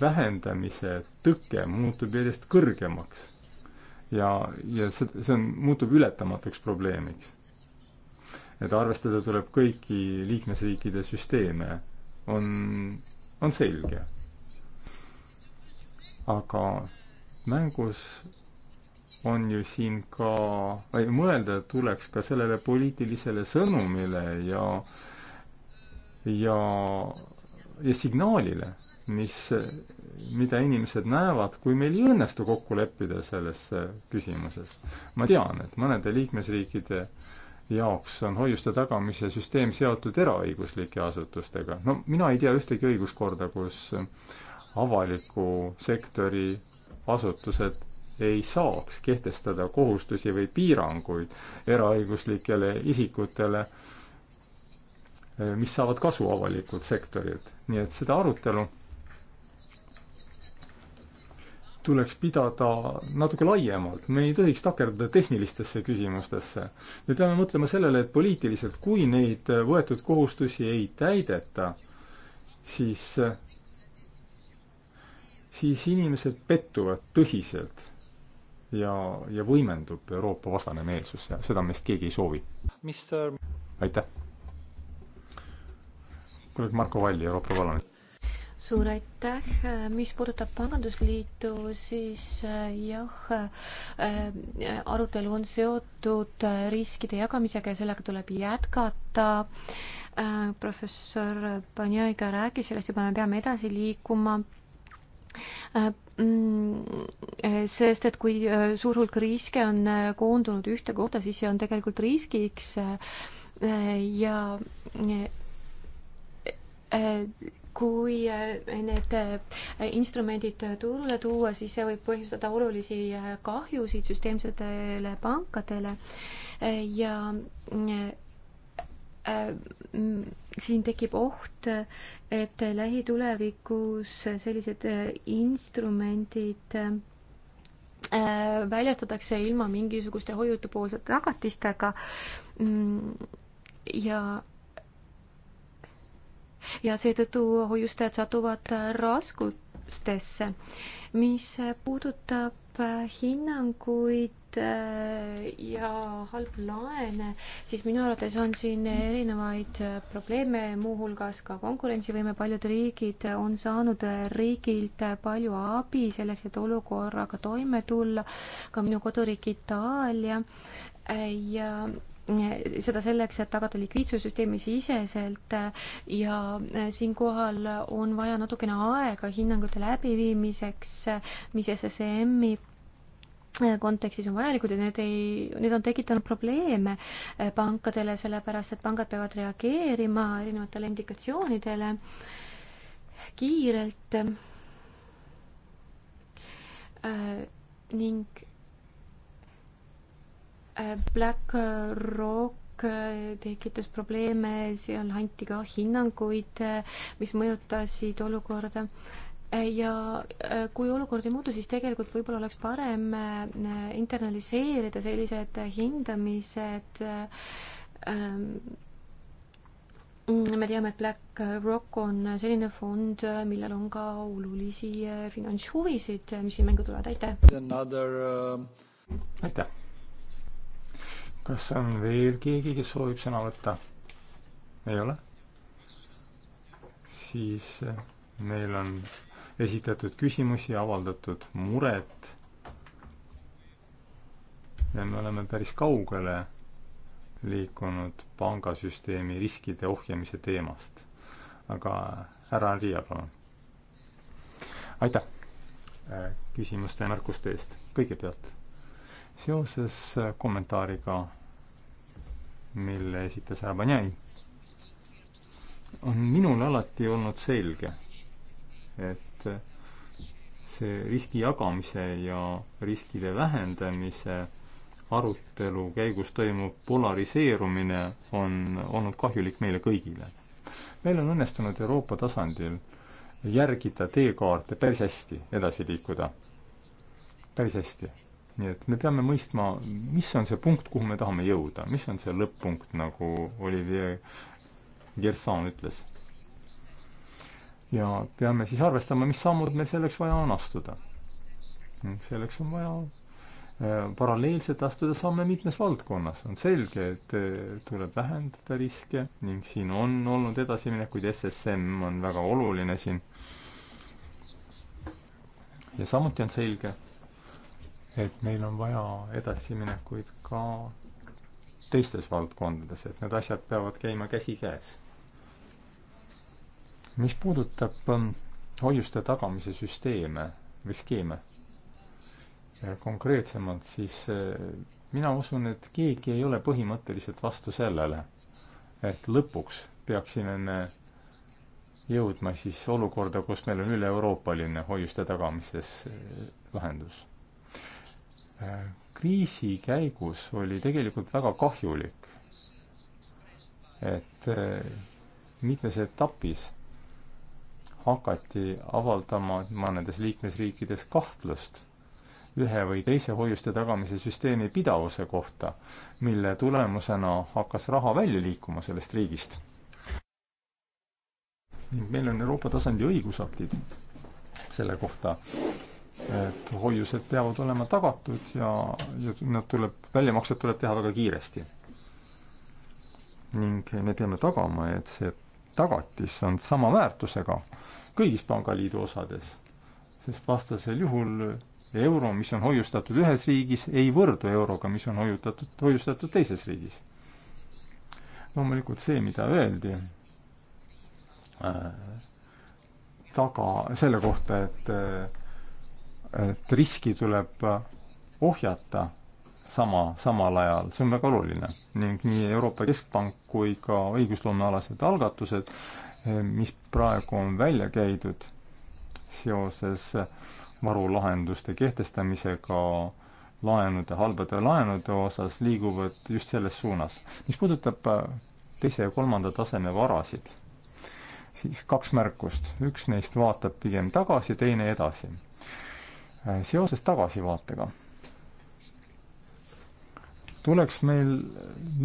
vähendamise tõke muutub järjest kõrgemaks. ja, ja see, see on, muutub ületamatuks probleemiks. et arvestada tuleb kõiki liikmesriikide süsteeme, on, on selge. aga mängus on ju siin ka, või mõelda tuleks ka sellele poliitilisele sõnumile ja, ja, ja signaalile mis, mida inimesed näevad, kui meil ei õnnestu kokku leppida selles küsimuses. ma tean, et mõnede liikmesriikide jaoks on hoiuste tagamise süsteem seotud eraõiguslike asutustega. no mina ei tea ühtegi õiguskorda, kus avaliku sektori asutused ei saaks kehtestada kohustusi või piiranguid eraõiguslikele isikutele, mis saavad kasu avalikult sektorilt. nii et seda arutelu tuleks pidada natuke laiemalt, me ei tohiks takerduda tehnilistesse küsimustesse. me peame mõtlema sellele, et poliitiliselt, kui neid võetud kohustusi ei täideta, siis, siis inimesed pettuvad tõsiselt ja, ja võimendub Euroopa vastane meelsus ja seda meist keegi ei soovi. aitäh! kolleeg Marko Valli, Euroopa Parlament suur aitäh, mis puudutab pangandusliitu, siis äh, jah, äh, arutelu on seotud äh, riskide jagamisega ja sellega tuleb jätkata. professor Banjaiga rääkis sellest juba, me peame edasi liikuma mm, sest et kui suur hulk riske on koondunud ühte kohta, siis see on tegelikult riskiks ja kui eh, need eh, instrumendid turule tuua, siis see võib põhjustada olulisi eh, kahjusid süsteemsetele pankadele ja siin tekib oht, et lähitulevikus sellised instrumendid väljastatakse ilma mingisuguste hoiutupoolsete tagatistega mm, ja ja seetõttu hoiustajad satuvad raskustesse. mis puudutab hinnanguid äh, ja halbu laene, siis minu arvates on siin erinevaid probleeme, muuhulgas ka konkurentsivõime, paljud riigid on saanud riigilt palju abi selleks, et olukorraga toime tulla, ka minu koduriik Itaalia äh, ja seda selleks, et tagada likviidsussüsteemi siseselt äh, ja äh, siinkohal on vaja natukene aega hinnangute läbiviimiseks, äh, mis SSM-i kontekstis on vajalikud ja need ei, need on tekitanud probleeme pankadele, sellepärast et pangad peavad reageerima erinevatele indikatsioonidele kiirelt äh, ning Äh, BlackRock äh, tekitas probleeme, seal anti ka hinnanguid, äh, mis mõjutasid olukorda ja kui olukord ei muutu, siis tegelikult võib-olla oleks parem internaliseerida sellised hindamised. Ähm, me teame, et BlackRock on selline fond, millel on ka olulisi finantshuvisid, mis siin mängu tulevad, aitäh! aitäh! kas on veel keegi, kes soovib sõna võtta? ei ole? siis eh, meil on esitatud küsimusi, avaldatud muret. ja me oleme päris kaugele liikunud pangasüsteemi riskide ohjamise teemast. aga härra Riia, palun. aitäh eh, küsimuste ja märkuste eest kõigepealt. seoses eh, kommentaariga mille esitas Rabanjai, on minul alati olnud selge, et see riski jagamise ja riskide vähendamise arutelu käigus toimuv polariseerumine on olnud kahjulik meile kõigile. meil on õnnestunud Euroopa tasandil järgida teekaarte päris hästi, edasi liikuda. päris hästi nii et me peame mõistma, mis on see punkt, kuhu me tahame jõuda, mis on see lõpp-punkt, nagu Olivier Gersan ütles. ja peame siis arvestama, mis sammud meil selleks vaja on astuda. selleks on vaja äh, paralleelselt astuda samme mitmes valdkonnas. on selge, et äh, tuleb vähendada riske ning siin on olnud edasiminekuid, SSM on väga oluline siin. ja samuti on selge, et meil on vaja edasiminekuid ka teistes valdkondades, et need asjad peavad käima käsikäes. mis puudutab ähm, hoiuste tagamise süsteeme või skeeme äh, konkreetsemalt, siis äh, mina usun, et keegi ei ole põhimõtteliselt vastu sellele, et lõpuks peaksime me jõudma siis olukorda, kus meil on üle-euroopaline hoiuste tagamises äh, lahendus kriisi käigus oli tegelikult väga kahjulik, et eh, mitmes etapis hakati avaldama mõnedes liikmesriikides kahtlust ühe või teise hoiuste tagamise süsteemi pidavuse kohta, mille tulemusena hakkas raha välja liikuma sellest riigist. ning meil on Euroopa tasandi õigusaktid selle kohta et hoiused peavad olema tagatud ja, ja nad tuleb, väljamaksed tuleb teha väga kiiresti. ning me peame tagama, et see tagatis on sama väärtusega kõigis pangaliidu osades, sest vastasel juhul euro, mis on hoiustatud ühes riigis, ei võrdu euroga, mis on hoiutatud, hoiustatud teises riigis. loomulikult see, mida öeldi äh, taga, selle kohta, et äh, et riski tuleb ohjata sama, samal ajal, see on väga oluline. ning nii Euroopa Keskpank kui ka õigusloomealased algatused, eh, mis praegu on välja käidud seoses varulahenduste kehtestamisega laenude, halbade laenude osas, liiguvad just selles suunas. mis puudutab eh, teise ja kolmanda taseme varasid, siis kaks märkust. üks neist vaatab pigem tagasi, teine edasi Äh, seoses tagasivaatega tuleks meil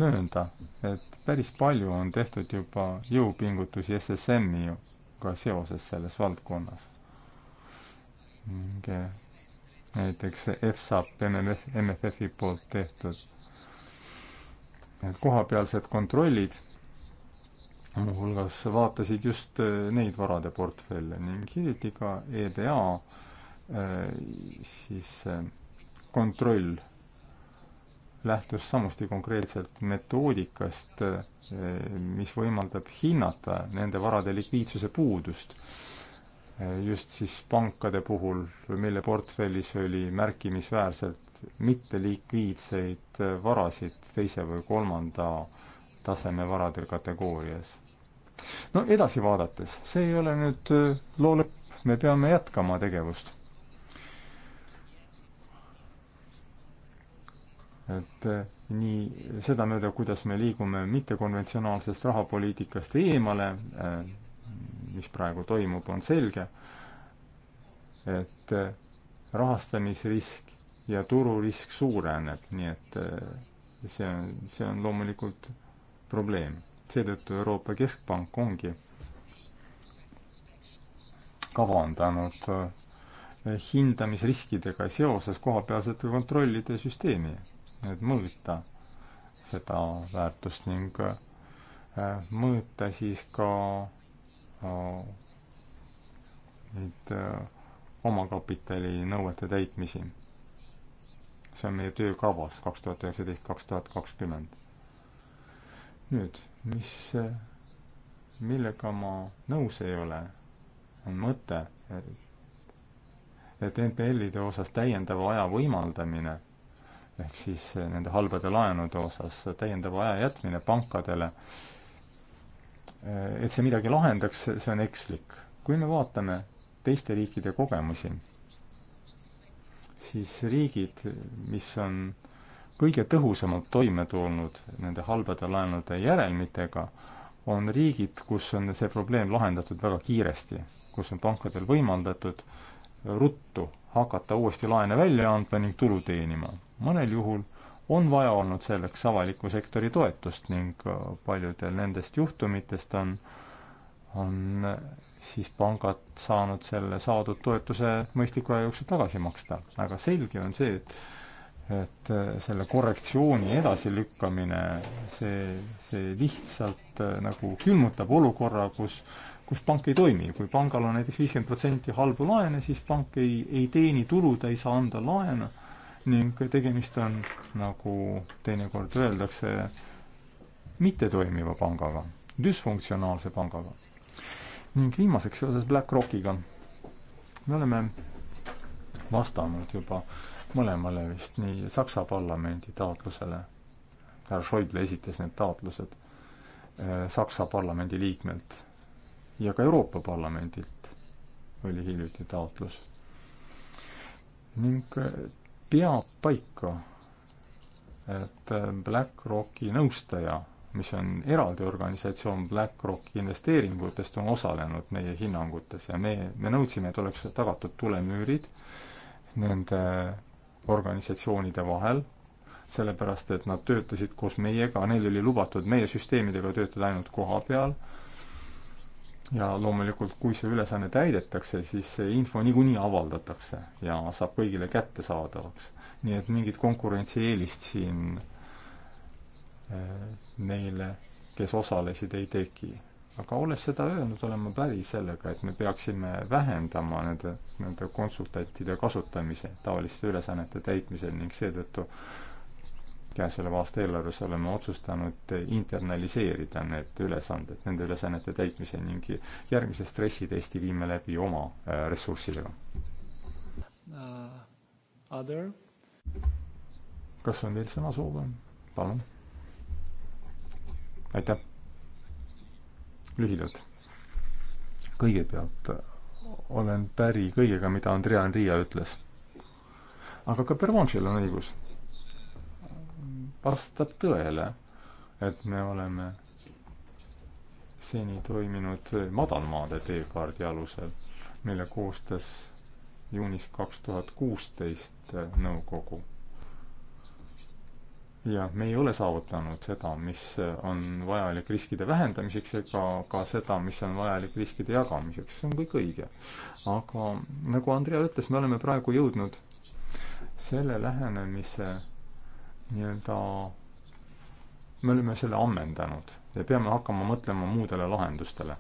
möönda, et päris palju on tehtud juba jõupingutusi SSM-iga seoses selles valdkonnas. näiteks EFSAP MMF, MFF-i poolt tehtud need kohapealsed kontrollid muuhulgas vaatasid just äh, neid varade portfelle ning hiljuti ka EDA Äh, siis äh, kontroll lähtus samuti konkreetselt metoodikast, äh, mis võimaldab hinnata nende varade likviidsuse puudust. just siis pankade puhul, mille portfellis oli märkimisväärselt mittelikviidseid varasid teise või kolmanda taseme varade kategoorias. no edasi vaadates, see ei ole nüüd loo lõpp, me peame jätkama tegevust et eh, nii sedamööda, kuidas me liigume mittekonventsionaalsest rahapoliitikast eemale, eh, mis praegu toimub, on selge, et eh, rahastamisrisk ja tururisk suureneb, nii et see on, see on loomulikult probleem. seetõttu Euroopa Keskpank ongi kavandanud hindamisriskidega seoses kohapealsete kontrollide süsteemi nüüd mõõta seda väärtust ning äh, mõõta siis ka äh, neid äh, omakapitali nõuete täitmisi. see on meie töökavas kaks tuhat üheksateist, kaks tuhat kakskümmend. nüüd, mis, millega ma nõus ei ole, on mõte, et NPL-ide osas täiendava aja võimaldamine ehk siis eh, nende halbade laenude osas täiendava aja jätmine pankadele, eh, et see midagi lahendaks, see on ekslik. kui me vaatame teiste riikide kogemusi, siis riigid, mis on kõige tõhusamalt toime tulnud nende halbade laenude järelmitega, on riigid, kus on see probleem lahendatud väga kiiresti, kus on pankadel võimaldatud ruttu hakata uuesti laene välja andma ning tulu teenima mõnel juhul on vaja olnud selleks avaliku sektori toetust ning äh, paljudel nendest juhtumitest on, on äh, siis pangad saanud selle saadud toetuse mõistliku aja jooksul tagasi maksta. aga selge on see, et, et äh, selle korrektsiooni edasilükkamine, see, see lihtsalt nagu külmutab olukorra, kus kus pank ei toimi, kui pangal on näiteks viiskümmend protsenti halbu laene, siis pank ei, ei teeni tulu, ta ei saa anda laenu ning tegemist on, nagu teinekord öeldakse, mittetoimiva pangaga, düsfunktsionaalse pangaga. ning viimaseks seoses BlackRockiga. me oleme vastanud juba mõlemale vist nii Saksa parlamendi taotlusele, härra Schäuble esitas need taotlused äh, Saksa parlamendi liikmelt ja ka Euroopa Parlamendilt oli hiljuti taotlus. ning äh, peab paika, et BlackRocki nõustaja, mis on eraldi organisatsioon BlackRocki investeeringutest, on osalenud meie hinnangutes ja me, me nõudsime, et oleks tagatud tulemüürid nende organisatsioonide vahel, sellepärast et nad töötasid koos meiega, neil oli lubatud meie süsteemidega töötada ainult koha peal ja loomulikult, kui see ülesanne täidetakse, siis see info niikuinii avaldatakse ja saab kõigile kättesaadavaks. nii et mingit konkurentsieelist siin neile, eh, kes osalesid, ei teki. aga olles seda öelnud, olen ma päri sellega, et me peaksime vähendama nende, nende konsultantide kasutamise taoliste ülesannete täitmisel ning seetõttu käesoleva aasta eelarves oleme otsustanud internaliseerida need ülesanded, nende ülesannete täitmise ning järgmise stressitesti viime läbi oma äh, ressurssidega uh,. kas on veel sõnasoove? palun. aitäh. lühidalt. kõigepealt olen päri kõigega, mida Andrea Enria ütles. aga ka Pervanšil on õigus vastab tõele, et me oleme seni toiminud madalmaade teekaardi alusel, mille koostas juunis kaks tuhat kuusteist nõukogu. ja me ei ole saavutanud seda, mis on vajalik riskide vähendamiseks ega ka seda, mis on vajalik riskide jagamiseks, see on kõik õige. aga nagu Andrea ütles, me oleme praegu jõudnud selle lähenemise nii-öelda me oleme selle ammendanud ja peame hakkama mõtlema muudele lahendustele.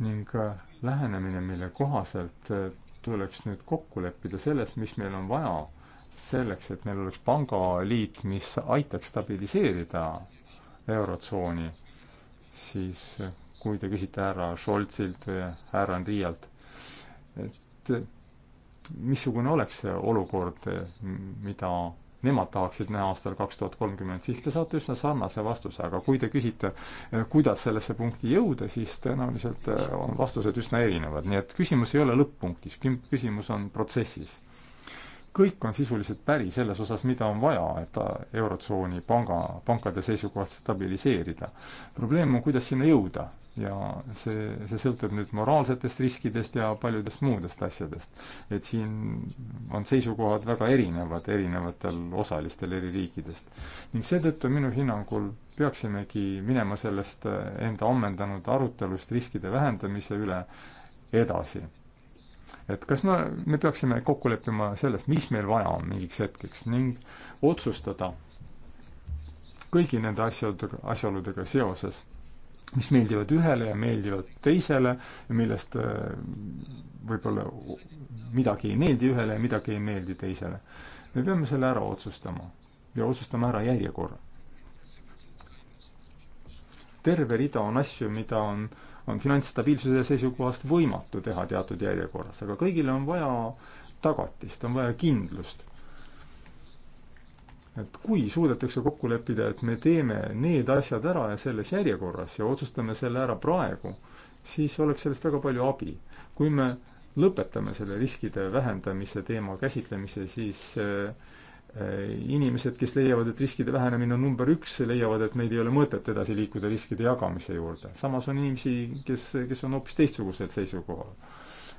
ning äh, lähenemine, mille kohaselt äh, tuleks nüüd kokku leppida selles, mis meil on vaja selleks, et meil oleks pangaliit, mis aitaks stabiliseerida eurotsooni, siis äh, kui te küsite härra Scholzilt või härra Andrialt, et missugune oleks see olukord, mida nemad tahaksid näha aastal kaks tuhat kolmkümmend, siis te saate üsna sarnase vastuse, aga kui te küsite, eh, kuidas sellesse punkti jõuda, siis tõenäoliselt eh, on vastused üsna erinevad, nii et küsimus ei ole lõpp-punktis, küsimus on protsessis. kõik on sisuliselt päri selles osas, mida on vaja, et eh, Eurotsooni panga, pankade seisukohast stabiliseerida. probleem on, kuidas sinna jõuda ja see, see sõltub nüüd moraalsetest riskidest ja paljudest muudest asjadest. et siin on seisukohad väga erinevad erinevatel osalistel eri riikidest. ning seetõttu minu hinnangul peaksimegi minema sellest äh, enda ammendanud arutelust riskide vähendamise üle edasi. et kas me, me peaksime kokku leppima selles, mis meil vaja on mingiks hetkeks ning otsustada kõigi nende asjade, asjaoludega seoses mis meeldivad ühele ja meeldivad teisele, millest äh, võib-olla midagi ei meeldi ühele ja midagi ei meeldi teisele. me peame selle ära otsustama ja otsustama ära järjekorra. terve rida on asju, mida on, on finantsstabiilsuse seisukohast võimatu teha teatud järjekorras, aga kõigile on vaja tagatist, on vaja kindlust et kui suudetakse kokku leppida, et me teeme need asjad ära ja selles järjekorras ja otsustame selle ära praegu, siis oleks sellest väga palju abi. kui me lõpetame selle riskide vähendamise teema käsitlemise, siis äh, äh inimesed, kes leiavad, et riskide vähenemine on number üks, leiavad, et meil ei ole mõtet edasi liikuda riskide jagamise juurde. samas on inimesi, kes, kes on hoopis teistsugusel seisukohal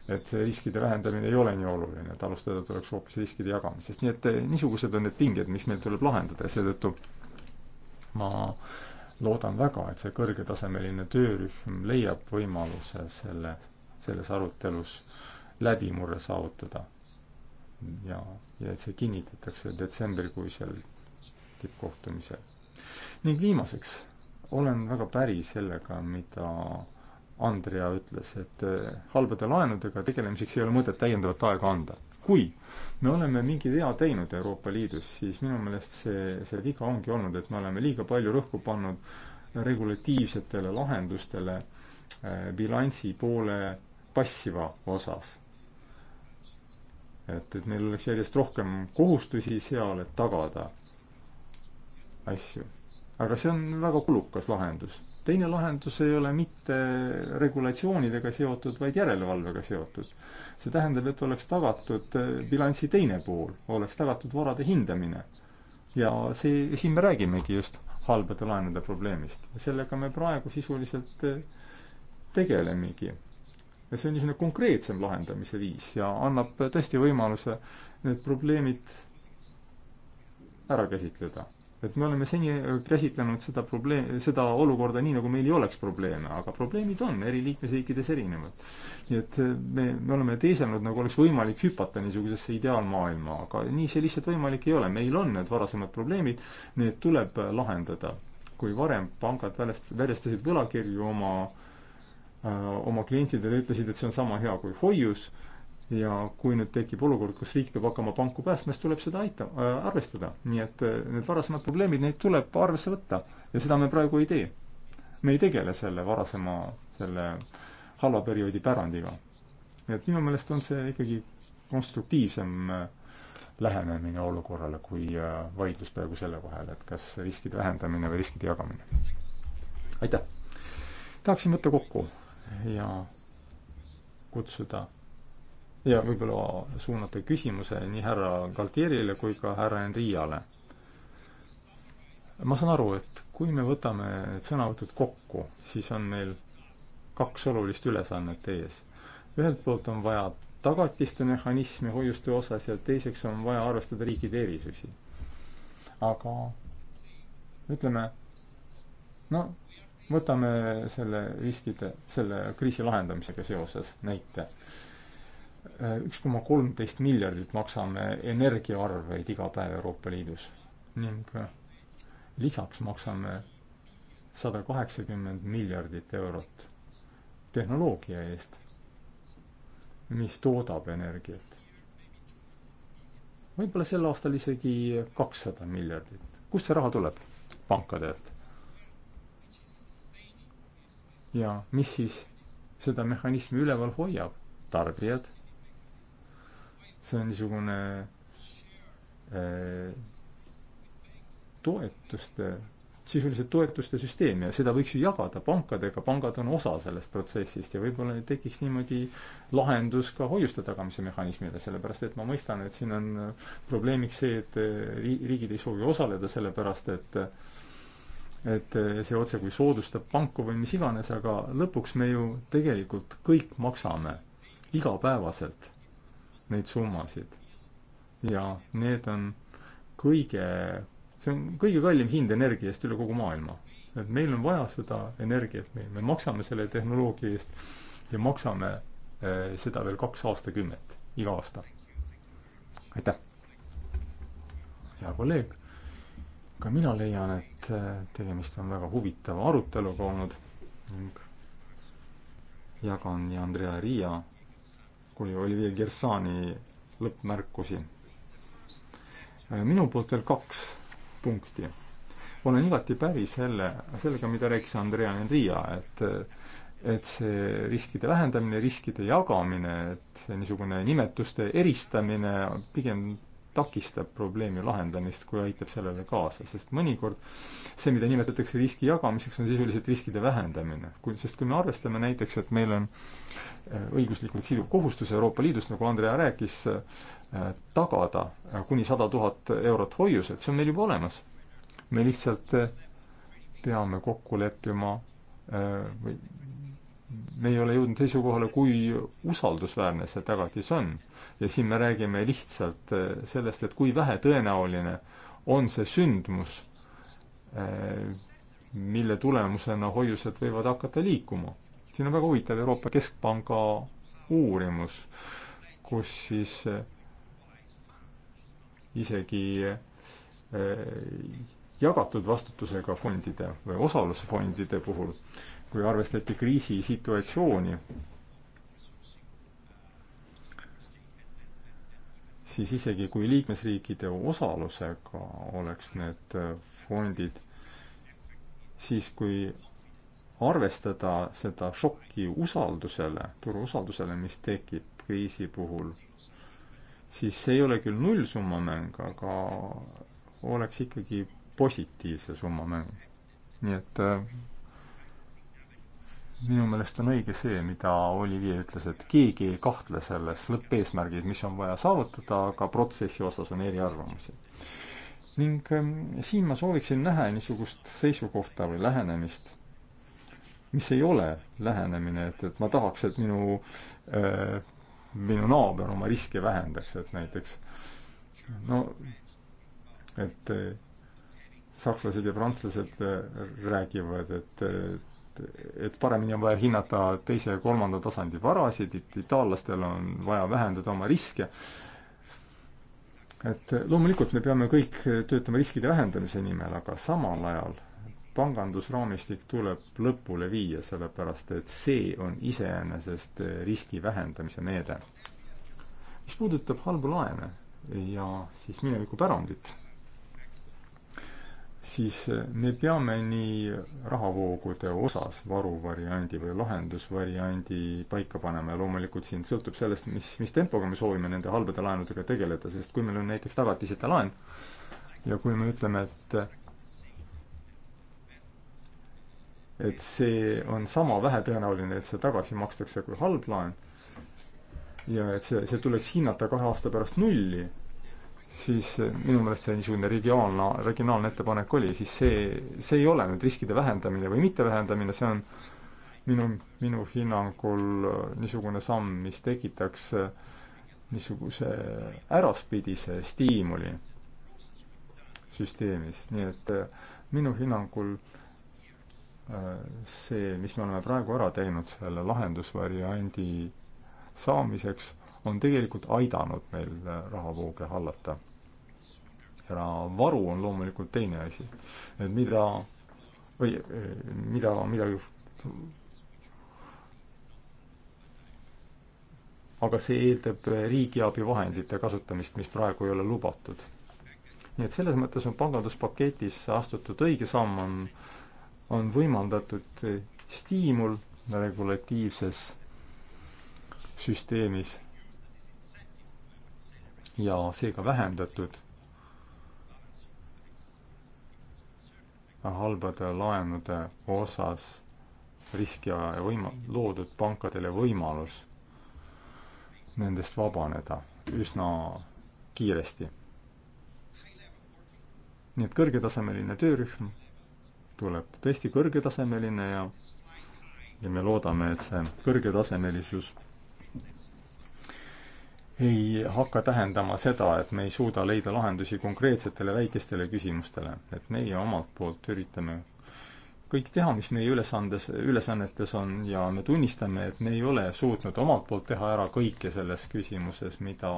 et see riskide vähendamine ei ole nii oluline, et alustada tuleks hoopis riskide jagamisest, nii et eh, niisugused on need pinged, mis meil tuleb lahendada ja seetõttu ma loodan väga, et see kõrgetasemeline töörühm leiab võimaluse selle, selles arutelus läbimurre saavutada. ja, ja et see kinnitatakse detsembrikuisel tippkohtumisel. ning viimaseks olen väga päri sellega, mida Andrea ütles, et eh, halbade laenudega tegelemiseks ei ole mõtet täiendavat aega anda. kui me oleme mingi vea teinud Euroopa Liidus, siis minu meelest see, see viga ongi olnud, et me oleme liiga palju rõhku pannud regulatiivsetele lahendustele eh, bilansi poole passiva osas. et, et meil oleks järjest rohkem kohustusi seal, et tagada asju aga see on väga kulukas lahendus. teine lahendus ei ole mitte regulatsioonidega seotud, vaid järelevalvega seotud. see tähendab, et oleks tagatud äh, bilansi teine pool, oleks tagatud varade hindamine. ja see, siin me räägimegi just halbade laenude probleemist. sellega me praegu sisuliselt äh, tegelemegi. ja see on niisugune konkreetsem lahendamise viis ja annab tõesti võimaluse need probleemid ära käsitleda et me oleme seni äh, käsitlenud seda probleem, seda olukorda nii, nagu meil ei oleks probleeme, aga probleemid on eri liikmesriikides erinevad. nii et äh, me, me oleme teiselnud, nagu oleks võimalik hüpata niisugusesse ideaalmaailma, aga nii see lihtsalt võimalik ei ole, meil on need varasemad probleemid, need tuleb äh, lahendada. kui varem pangad väljast-, väljastasid võlakirju oma, oma klientidele, ütlesid, et see on sama hea kui hoius ja kui nüüd tekib olukord, kus riik peab hakkama panku päästma, siis tuleb seda aita- äh,, arvestada. nii et äh, need varasemad probleemid, neid tuleb arvesse võtta ja seda me praegu ei tee. me ei tegele selle varasema, selle halva perioodi pärandiga. nii et minu meelest on see ikkagi konstruktiivsem äh, lähenemine olukorrale, kui äh, vaidlus praegu selle vahel, et kas riskide vähendamine või riskide jagamine. aitäh! tahaksin võtta kokku ja kutsuda ja võib-olla suunata küsimuse nii härra Galtierile kui ka härra Enriale. ma saan aru, et kui me võtame need sõnavõtud kokku, siis on meil kaks olulist ülesannet ees. ühelt poolt on vaja tagatiste mehhanismi hoiuste osas ja teiseks on vaja arvestada riikide erisusi. aga ütleme, no võtame selle riskide, selle kriisi lahendamisega seoses näite üks koma kolmteist miljardit maksame energiaarveid iga päev Euroopa Liidus ning äh, lisaks maksame sada kaheksakümmend miljardit eurot tehnoloogia eest, mis toodab energiat. võib-olla sel aastal isegi kakssada miljardit. kust see raha tuleb? pankadelt. ja mis siis seda mehhanismi üleval hoiab? tarbijad see on niisugune äh, toetuste, sisuliselt toetuste süsteem ja seda võiks ju jagada pankadega, pangad on osa sellest protsessist ja võib-olla tekiks niimoodi lahendus ka hoiuste tagamise mehhanismile, sellepärast et ma mõistan, et siin on äh, probleemiks see, et äh, riigid ei soovi osaleda, sellepärast et et see otsekui soodustab panku või mis iganes, aga lõpuks me ju tegelikult kõik maksame igapäevaselt neid summasid. ja need on kõige, see on kõige kallim hind energia eest üle kogu maailma. et meil on vaja seda energiat, me, me maksame selle tehnoloogia eest ja maksame eh, seda veel kaks aastakümmet, iga aasta. aitäh! hea kolleeg, ka mina leian, et eh, tegemist on väga huvitava aruteluga olnud ning jagan ja Andrea Riia oli Olivia Gersani lõppmärkusi. minu poolt veel kaks punkti. olen igati päri selle, sellega, mida rääkis Andrea Enria, et et see riskide vähendamine, riskide jagamine, et niisugune nimetuste eristamine pigem takistab probleemi lahendamist, kui aitab sellele kaasa, sest mõnikord see, mida nimetatakse riski jagamiseks, on sisuliselt riskide vähendamine. kui, sest kui me arvestame näiteks, et meil on äh, õiguslikult siduv kohustus Euroopa Liidus, nagu Andrea rääkis, äh, tagada äh, kuni sada tuhat eurot hoiused, see on meil juba olemas. me lihtsalt peame kokku leppima või me ei ole jõudnud seisukohale, kui usaldusväärne see tagatis on ja siin me räägime lihtsalt eh, sellest, et kui vähetõenäoline on see sündmus, eh, mille tulemusena hoiused võivad hakata liikuma. siin on väga huvitav Euroopa Keskpanga uurimus, kus siis eh, isegi jagatud vastutusega fondide või osalusfondide puhul, kui arvestati kriisisituatsiooni, siis isegi kui liikmesriikide osalusega oleks need äh, fondid, siis kui arvestada seda šokki usaldusele, turu usaldusele, mis tekib kriisi puhul, siis see ei ole küll nullsummamäng, aga oleks ikkagi positiivse summa mäng. nii et äh, minu meelest on õige see, mida Olivier ütles, et keegi ei kahtle selles lõppeesmärgis, mis on vaja saavutada, aga protsessi osas on eriarvamusi. ning ähm, siin ma sooviksin näha niisugust seisukohta või lähenemist, mis ei ole lähenemine, et, et ma tahaks, et minu äh,, minu naaber oma riski vähendaks, et näiteks no et äh, sakslased ja prantslased äh, räägivad, et äh, et, et paremini on vaja hinnata teise ja kolmanda tasandi varasid, itaallastel on vaja vähendada oma riske. et loomulikult me peame kõik töötama riskide vähendamise nimel, aga samal ajal pangandusraamistik tuleb lõpule viia, sellepärast et see on iseenesest riski vähendamise meede. mis puudutab halbu laene ja siis minevikupärandit siis eh, me peame nii rahavoogude osas varuvariandi või lahendusvariandi paika panema ja loomulikult siin sõltub sellest, mis, mis tempoga me soovime nende halbade laenudega tegeleda, sest kui meil on näiteks tagatiseta laen ja kui me ütleme, et et see on sama vähetõenäoline, et see tagasi makstakse kui halb laen ja et see, see tuleks hinnata kahe aasta pärast nulli siis eh, minu meelest see niisugune regionaalne, regionaalne ettepanek oli, siis see, see ei ole nüüd riskide vähendamine või mittevähendamine, see on minu, minu hinnangul eh, niisugune samm, mis tekitaks eh, niisuguse äraspidise stiimuli süsteemis, nii et minu hinnangul see, mis me oleme praegu ära teinud selle lahendusvariandi saamiseks on tegelikult aidanud meil äh, rahavooge hallata. ja varu on loomulikult teine asi, et mida või äh, mida, mida aga see eeldab äh, riigiabi vahendite kasutamist, mis praegu ei ole lubatud. nii et selles mõttes on panganduspaketis astutud õige samm, on, on võimaldatud stiimul regulatiivses süsteemis ja seega vähendatud halbade laenude osas riski võima-, loodud pankadele võimalus nendest vabaneda üsna kiiresti. nii et kõrgetasemeline töörühm tuleb tõesti kõrgetasemeline ja ja me loodame, et see kõrgetasemelisus ei hakka tähendama seda, et me ei suuda leida lahendusi konkreetsetele väikestele küsimustele, et meie omalt poolt üritame kõik teha, mis meie ülesandes, ülesannetes on ja me tunnistame, et me ei ole suutnud omalt poolt teha ära kõike selles küsimuses, mida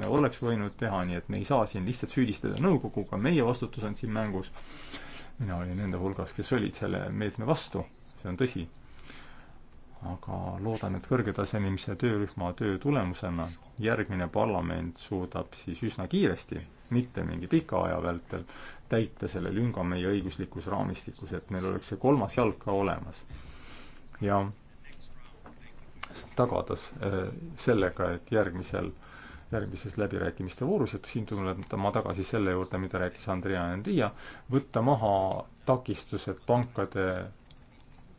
me oleks võinud teha, nii et me ei saa siin lihtsalt süüdistada nõukogu, ka meie vastutus on siin mängus. mina olin nende hulgas, kes olid selle meetme vastu, see on tõsi aga loodan, et kõrgetasemelise töörühma töö tulemusena järgmine parlament suudab siis üsna kiiresti, mitte mingi pika aja vältel, täita selle lünga meie õiguslikus raamistikus, et meil oleks see kolmas jalg ka olemas. ja tagada äh, sellega, et järgmisel, järgmises läbirääkimiste voorus, et siin tulen ma tagasi selle juurde, mida rääkis Andrea Enria, võtta maha takistused pankade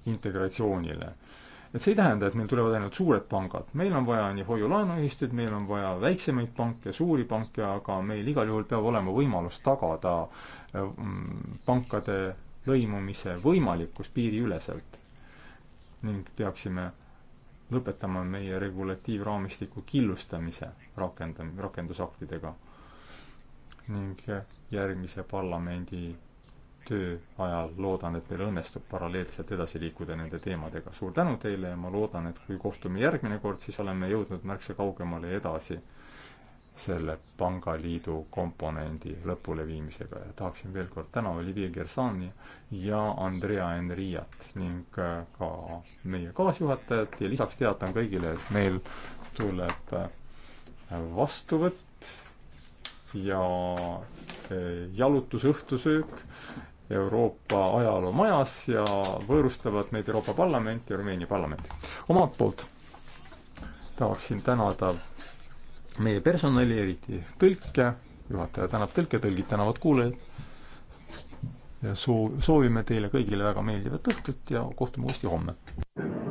integratsioonile äh, et see ei tähenda, et meil tulevad ainult suured pangad, meil on vaja nii hoiu-laenuühistuid, meil on vaja väiksemaid panke, suuri panke, aga meil igal juhul peab olema võimalus tagada äh, mm, pankade lõimumise võimalikkus piiriüleselt. ning peaksime lõpetama meie regulatiivraamistiku killustamise rakendam-, rakendusaktidega. ning järgmise parlamendi töö ajal loodan, et meil õnnestub paralleelselt edasi liikuda nende teemadega. suur tänu teile ja ma loodan, et kui kohtume järgmine kord, siis oleme jõudnud märksa kaugemale edasi selle pangaliidu komponendi lõpuleviimisega ja tahaksin veel kord täna Olivier Gersani ja Andrea Enriat ning äh, ka meie kaasjuhatajat ja lisaks teatan kõigile, et meil tuleb äh, vastuvõtt ja äh, jalutusõhtusöök Euroopa ajaloo majas ja võõrustavad meid Euroopa Parlamenti ja Rumeenia parlamenti. omalt poolt tahaksin tänada meie personali, eriti tõlke, juhataja tänab tõlke, tõlgid tänavad kuulajaid. ja soo-, soovime teile kõigile väga meeldivat õhtut ja kohtume uuesti homme.